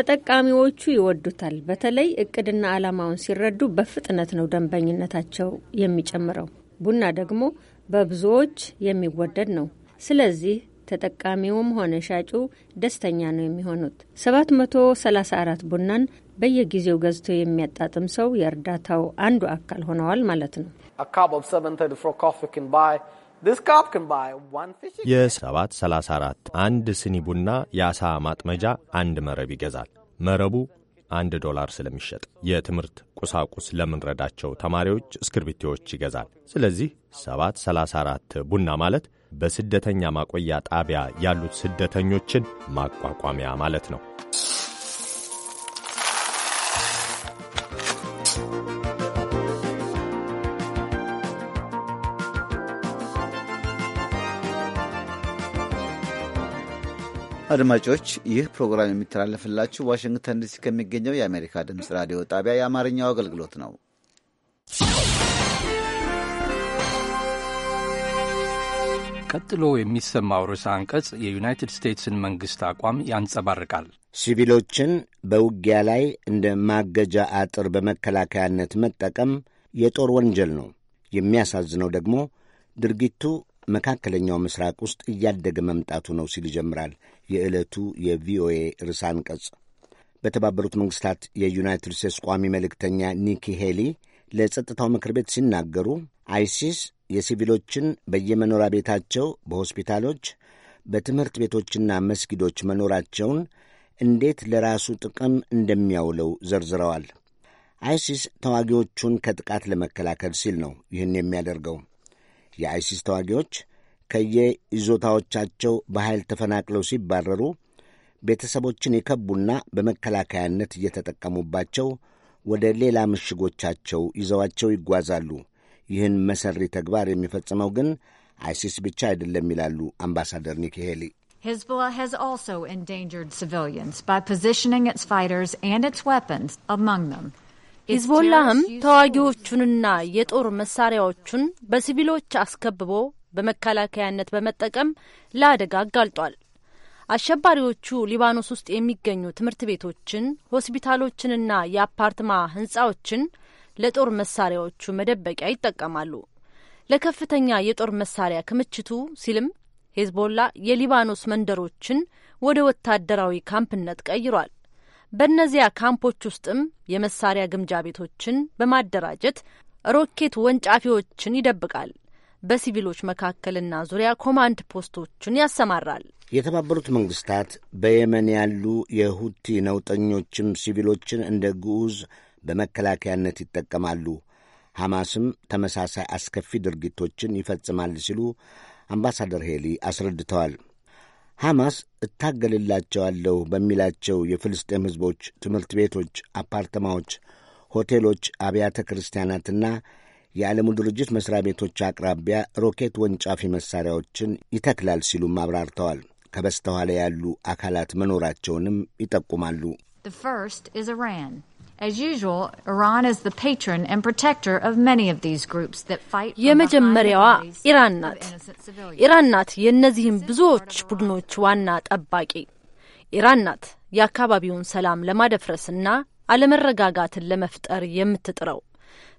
ተጠቃሚዎቹ ይወዱታል። በተለይ እቅድና ዓላማውን ሲረዱ በፍጥነት ነው ደንበኝነታቸው የሚጨምረው። ቡና ደግሞ በብዙዎች የሚወደድ ነው። ስለዚህ ተጠቃሚውም ሆነ ሻጩ ደስተኛ ነው የሚሆኑት። 734 ቡናን በየጊዜው ገዝቶ የሚያጣጥም ሰው የእርዳታው አንዱ አካል ሆነዋል ማለት ነው። የሰባት 34 አንድ ስኒ ቡና የአሳ ማጥመጃ አንድ መረብ ይገዛል። መረቡ አንድ ዶላር ስለሚሸጥ የትምህርት ቁሳቁስ ለምንረዳቸው ተማሪዎች እስክርቢቴዎች ይገዛል። ስለዚህ 734 ቡና ማለት በስደተኛ ማቆያ ጣቢያ ያሉት ስደተኞችን ማቋቋሚያ ማለት ነው። አድማጮች ይህ ፕሮግራም የሚተላለፍላችሁ ዋሽንግተን ዲሲ ከሚገኘው የአሜሪካ ድምፅ ራዲዮ ጣቢያ የአማርኛው አገልግሎት ነው። ቀጥሎ የሚሰማው ርዕሰ አንቀጽ የዩናይትድ ስቴትስን መንግሥት አቋም ያንጸባርቃል። ሲቪሎችን በውጊያ ላይ እንደ ማገጃ አጥር በመከላከያነት መጠቀም የጦር ወንጀል ነው። የሚያሳዝነው ደግሞ ድርጊቱ መካከለኛው ምስራቅ ውስጥ እያደገ መምጣቱ ነው ሲል ይጀምራል የዕለቱ የቪኦኤ ርዕሰ አንቀጽ። በተባበሩት መንግስታት የዩናይትድ ስቴትስ ቋሚ መልእክተኛ ኒኪ ሄሊ ለጸጥታው ምክር ቤት ሲናገሩ አይሲስ የሲቪሎችን በየመኖሪያ ቤታቸው፣ በሆስፒታሎች፣ በትምህርት ቤቶችና መስጊዶች መኖራቸውን እንዴት ለራሱ ጥቅም እንደሚያውለው ዘርዝረዋል። አይሲስ ተዋጊዎቹን ከጥቃት ለመከላከል ሲል ነው ይህን የሚያደርገው። የአይሲስ ተዋጊዎች ከየይዞታዎቻቸው በኃይል ተፈናቅለው ሲባረሩ ቤተሰቦችን የከቡና በመከላከያነት እየተጠቀሙባቸው ወደ ሌላ ምሽጎቻቸው ይዘዋቸው ይጓዛሉ። ይህን መሰሪ ተግባር የሚፈጽመው ግን አይሲስ ብቻ አይደለም ይላሉ አምባሳደር ኒኪ ሄሊ። ሂዝቦላ ሂዝቦላህም ተዋጊዎቹንና የጦር መሳሪያዎቹን በሲቪሎች አስከብቦ በመከላከያነት በመጠቀም ለአደጋ አጋልጧል። አሸባሪዎቹ ሊባኖስ ውስጥ የሚገኙ ትምህርት ቤቶችን፣ ሆስፒታሎችንና የአፓርትማ ህንጻዎችን ለጦር መሳሪያዎቹ መደበቂያ ይጠቀማሉ። ለከፍተኛ የጦር መሳሪያ ክምችቱ ሲልም ሄዝቦላ የሊባኖስ መንደሮችን ወደ ወታደራዊ ካምፕነት ቀይሯል። በእነዚያ ካምፖች ውስጥም የመሳሪያ ግምጃ ቤቶችን በማደራጀት ሮኬት ወንጫፊዎችን ይደብቃል። በሲቪሎች መካከልና ዙሪያ ኮማንድ ፖስቶችን ያሰማራል። የተባበሩት መንግስታት በየመን ያሉ የሁቲ ነውጠኞችም ሲቪሎችን እንደ ግዑዝ በመከላከያነት ይጠቀማሉ፣ ሐማስም ተመሳሳይ አስከፊ ድርጊቶችን ይፈጽማል ሲሉ አምባሳደር ሄሊ አስረድተዋል። ሐማስ እታገልላቸዋለሁ በሚላቸው የፍልስጤም ሕዝቦች ትምህርት ቤቶች፣ አፓርተማዎች፣ ሆቴሎች፣ አብያተ ክርስቲያናትና የዓለሙ ድርጅት መስሪያ ቤቶች አቅራቢያ ሮኬት ወንጫፊ መሳሪያዎችን ይተክላል ሲሉም አብራርተዋል። ከበስተኋላ ያሉ አካላት መኖራቸውንም ይጠቁማሉ። የመጀመሪያዋ ኢራን ናት። ኢራን ናት የእነዚህም ብዙዎች ቡድኖች ዋና ጠባቂ። ኢራን ናት የአካባቢውን ሰላም ለማደፍረስና አለመረጋጋትን ለመፍጠር የምትጥረው።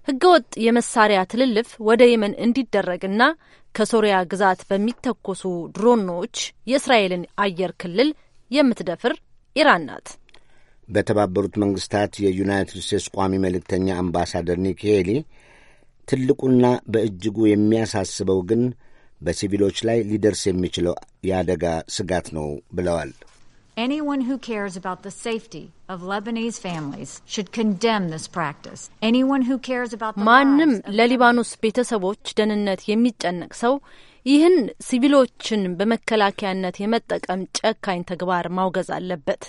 ህገወጥ የመሳሪያ ትልልፍ ወደ የመን እንዲደረግና ከሶሪያ ግዛት በሚተኮሱ ድሮኖች የእስራኤልን አየር ክልል የምትደፍር ኢራን ናት። በተባበሩት መንግስታት የዩናይትድ ስቴትስ ቋሚ መልእክተኛ አምባሳደር ኒክ ሄሊ ትልቁና በእጅጉ የሚያሳስበው ግን በሲቪሎች ላይ ሊደርስ የሚችለው የአደጋ ስጋት ነው ብለዋል። Anyone who cares about the safety of Lebanese families should condemn this practice. Anyone who cares about the ማንም ለሊባኖስ ቤተሰቦች ደህንነት የሚጨነቅ ሰው ይህን ሲቪሎችን በመከላከያነት የመጠቀም ጨካኝ ተግባር ማውገዝ አለበት።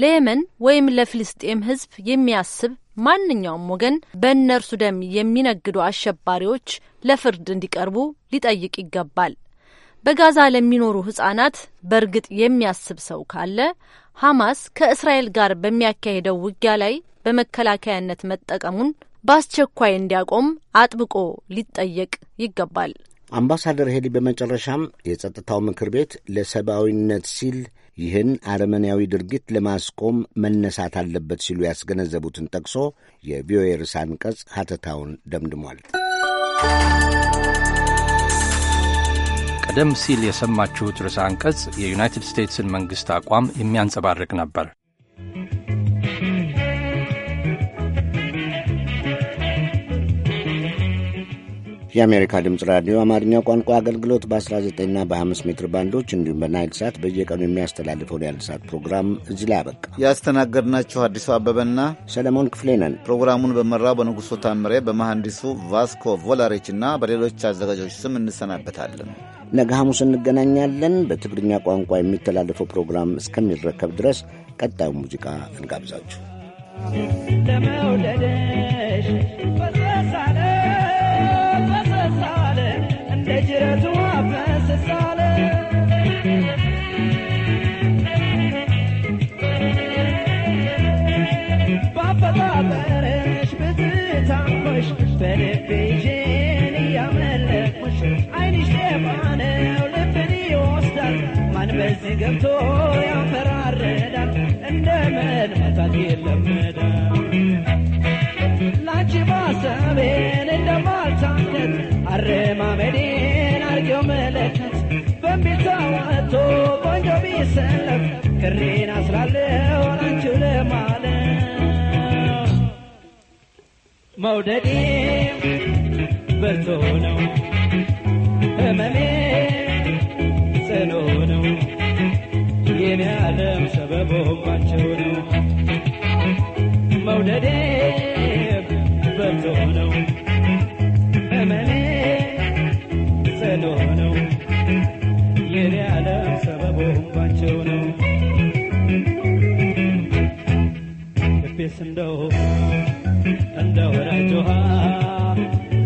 ለየመን ወይም ለፍልስጤም ሕዝብ የሚያስብ ማንኛውም ወገን በእነርሱ ደም የሚነግዱ አሸባሪዎች ለፍርድ እንዲቀርቡ ሊጠይቅ ይገባል። በጋዛ ለሚኖሩ ህጻናት በእርግጥ የሚያስብ ሰው ካለ ሐማስ ከእስራኤል ጋር በሚያካሄደው ውጊያ ላይ በመከላከያነት መጠቀሙን በአስቸኳይ እንዲያቆም አጥብቆ ሊጠየቅ ይገባል። አምባሳደር ሄሊ በመጨረሻም የጸጥታው ምክር ቤት ለሰብአዊነት ሲል ይህን አረመኔያዊ ድርጊት ለማስቆም መነሳት አለበት ሲሉ ያስገነዘቡትን ጠቅሶ የቪኦኤ ርዕሰ አንቀጽ ሀተታውን ደምድሟል። ቀደም ሲል የሰማችሁት ርዕሰ አንቀጽ የዩናይትድ ስቴትስን መንግሥት አቋም የሚያንጸባርቅ ነበር። የአሜሪካ ድምፅ ራዲዮ አማርኛው ቋንቋ አገልግሎት በ19ና በ5 ሜትር ባንዶች እንዲሁም በናይል ሳት በየቀኑ የሚያስተላልፈውን ያል ሰዓት ፕሮግራም እዚህ ላይ አበቃ። ያስተናገድናችሁ አዲሱ አበበና ሰለሞን ክፍሌ ነን። ፕሮግራሙን በመራው በንጉሶ ታምሬ፣ በመሐንዲሱ ቫስኮ ቮላሬች እና በሌሎች አዘጋጆች ስም እንሰናበታለን። ነገ ሐሙስ እንገናኛለን። በትግርኛ ቋንቋ የሚተላለፈው ፕሮግራም እስከሚረከብ ድረስ ቀጣዩ ሙዚቃ እንጋብዛችሁ። ለመውለደሽ ፈሰሳለ እንደ እዚህ ገብቶ ያፈራረዳል እንደምን መንፈሳት የለመዳል ላንቺ ማሰቤን እንደማልታነት አረማመዴን አርገው መለከት በሚል ተዋቶ ቆንጆ ቢሰለፍ ክሬን አስራለው ላንቺው መውደዴ በርቶ ነው ህመሜ የኔ ዓለም ሰበቦባቸው ነው መውደዴ ነው እመኔ ጽኖ ነው የኔ ዓለም ሰበቦባቸው ነው ልቤስ እንደው እንደ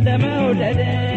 ለመውደዴ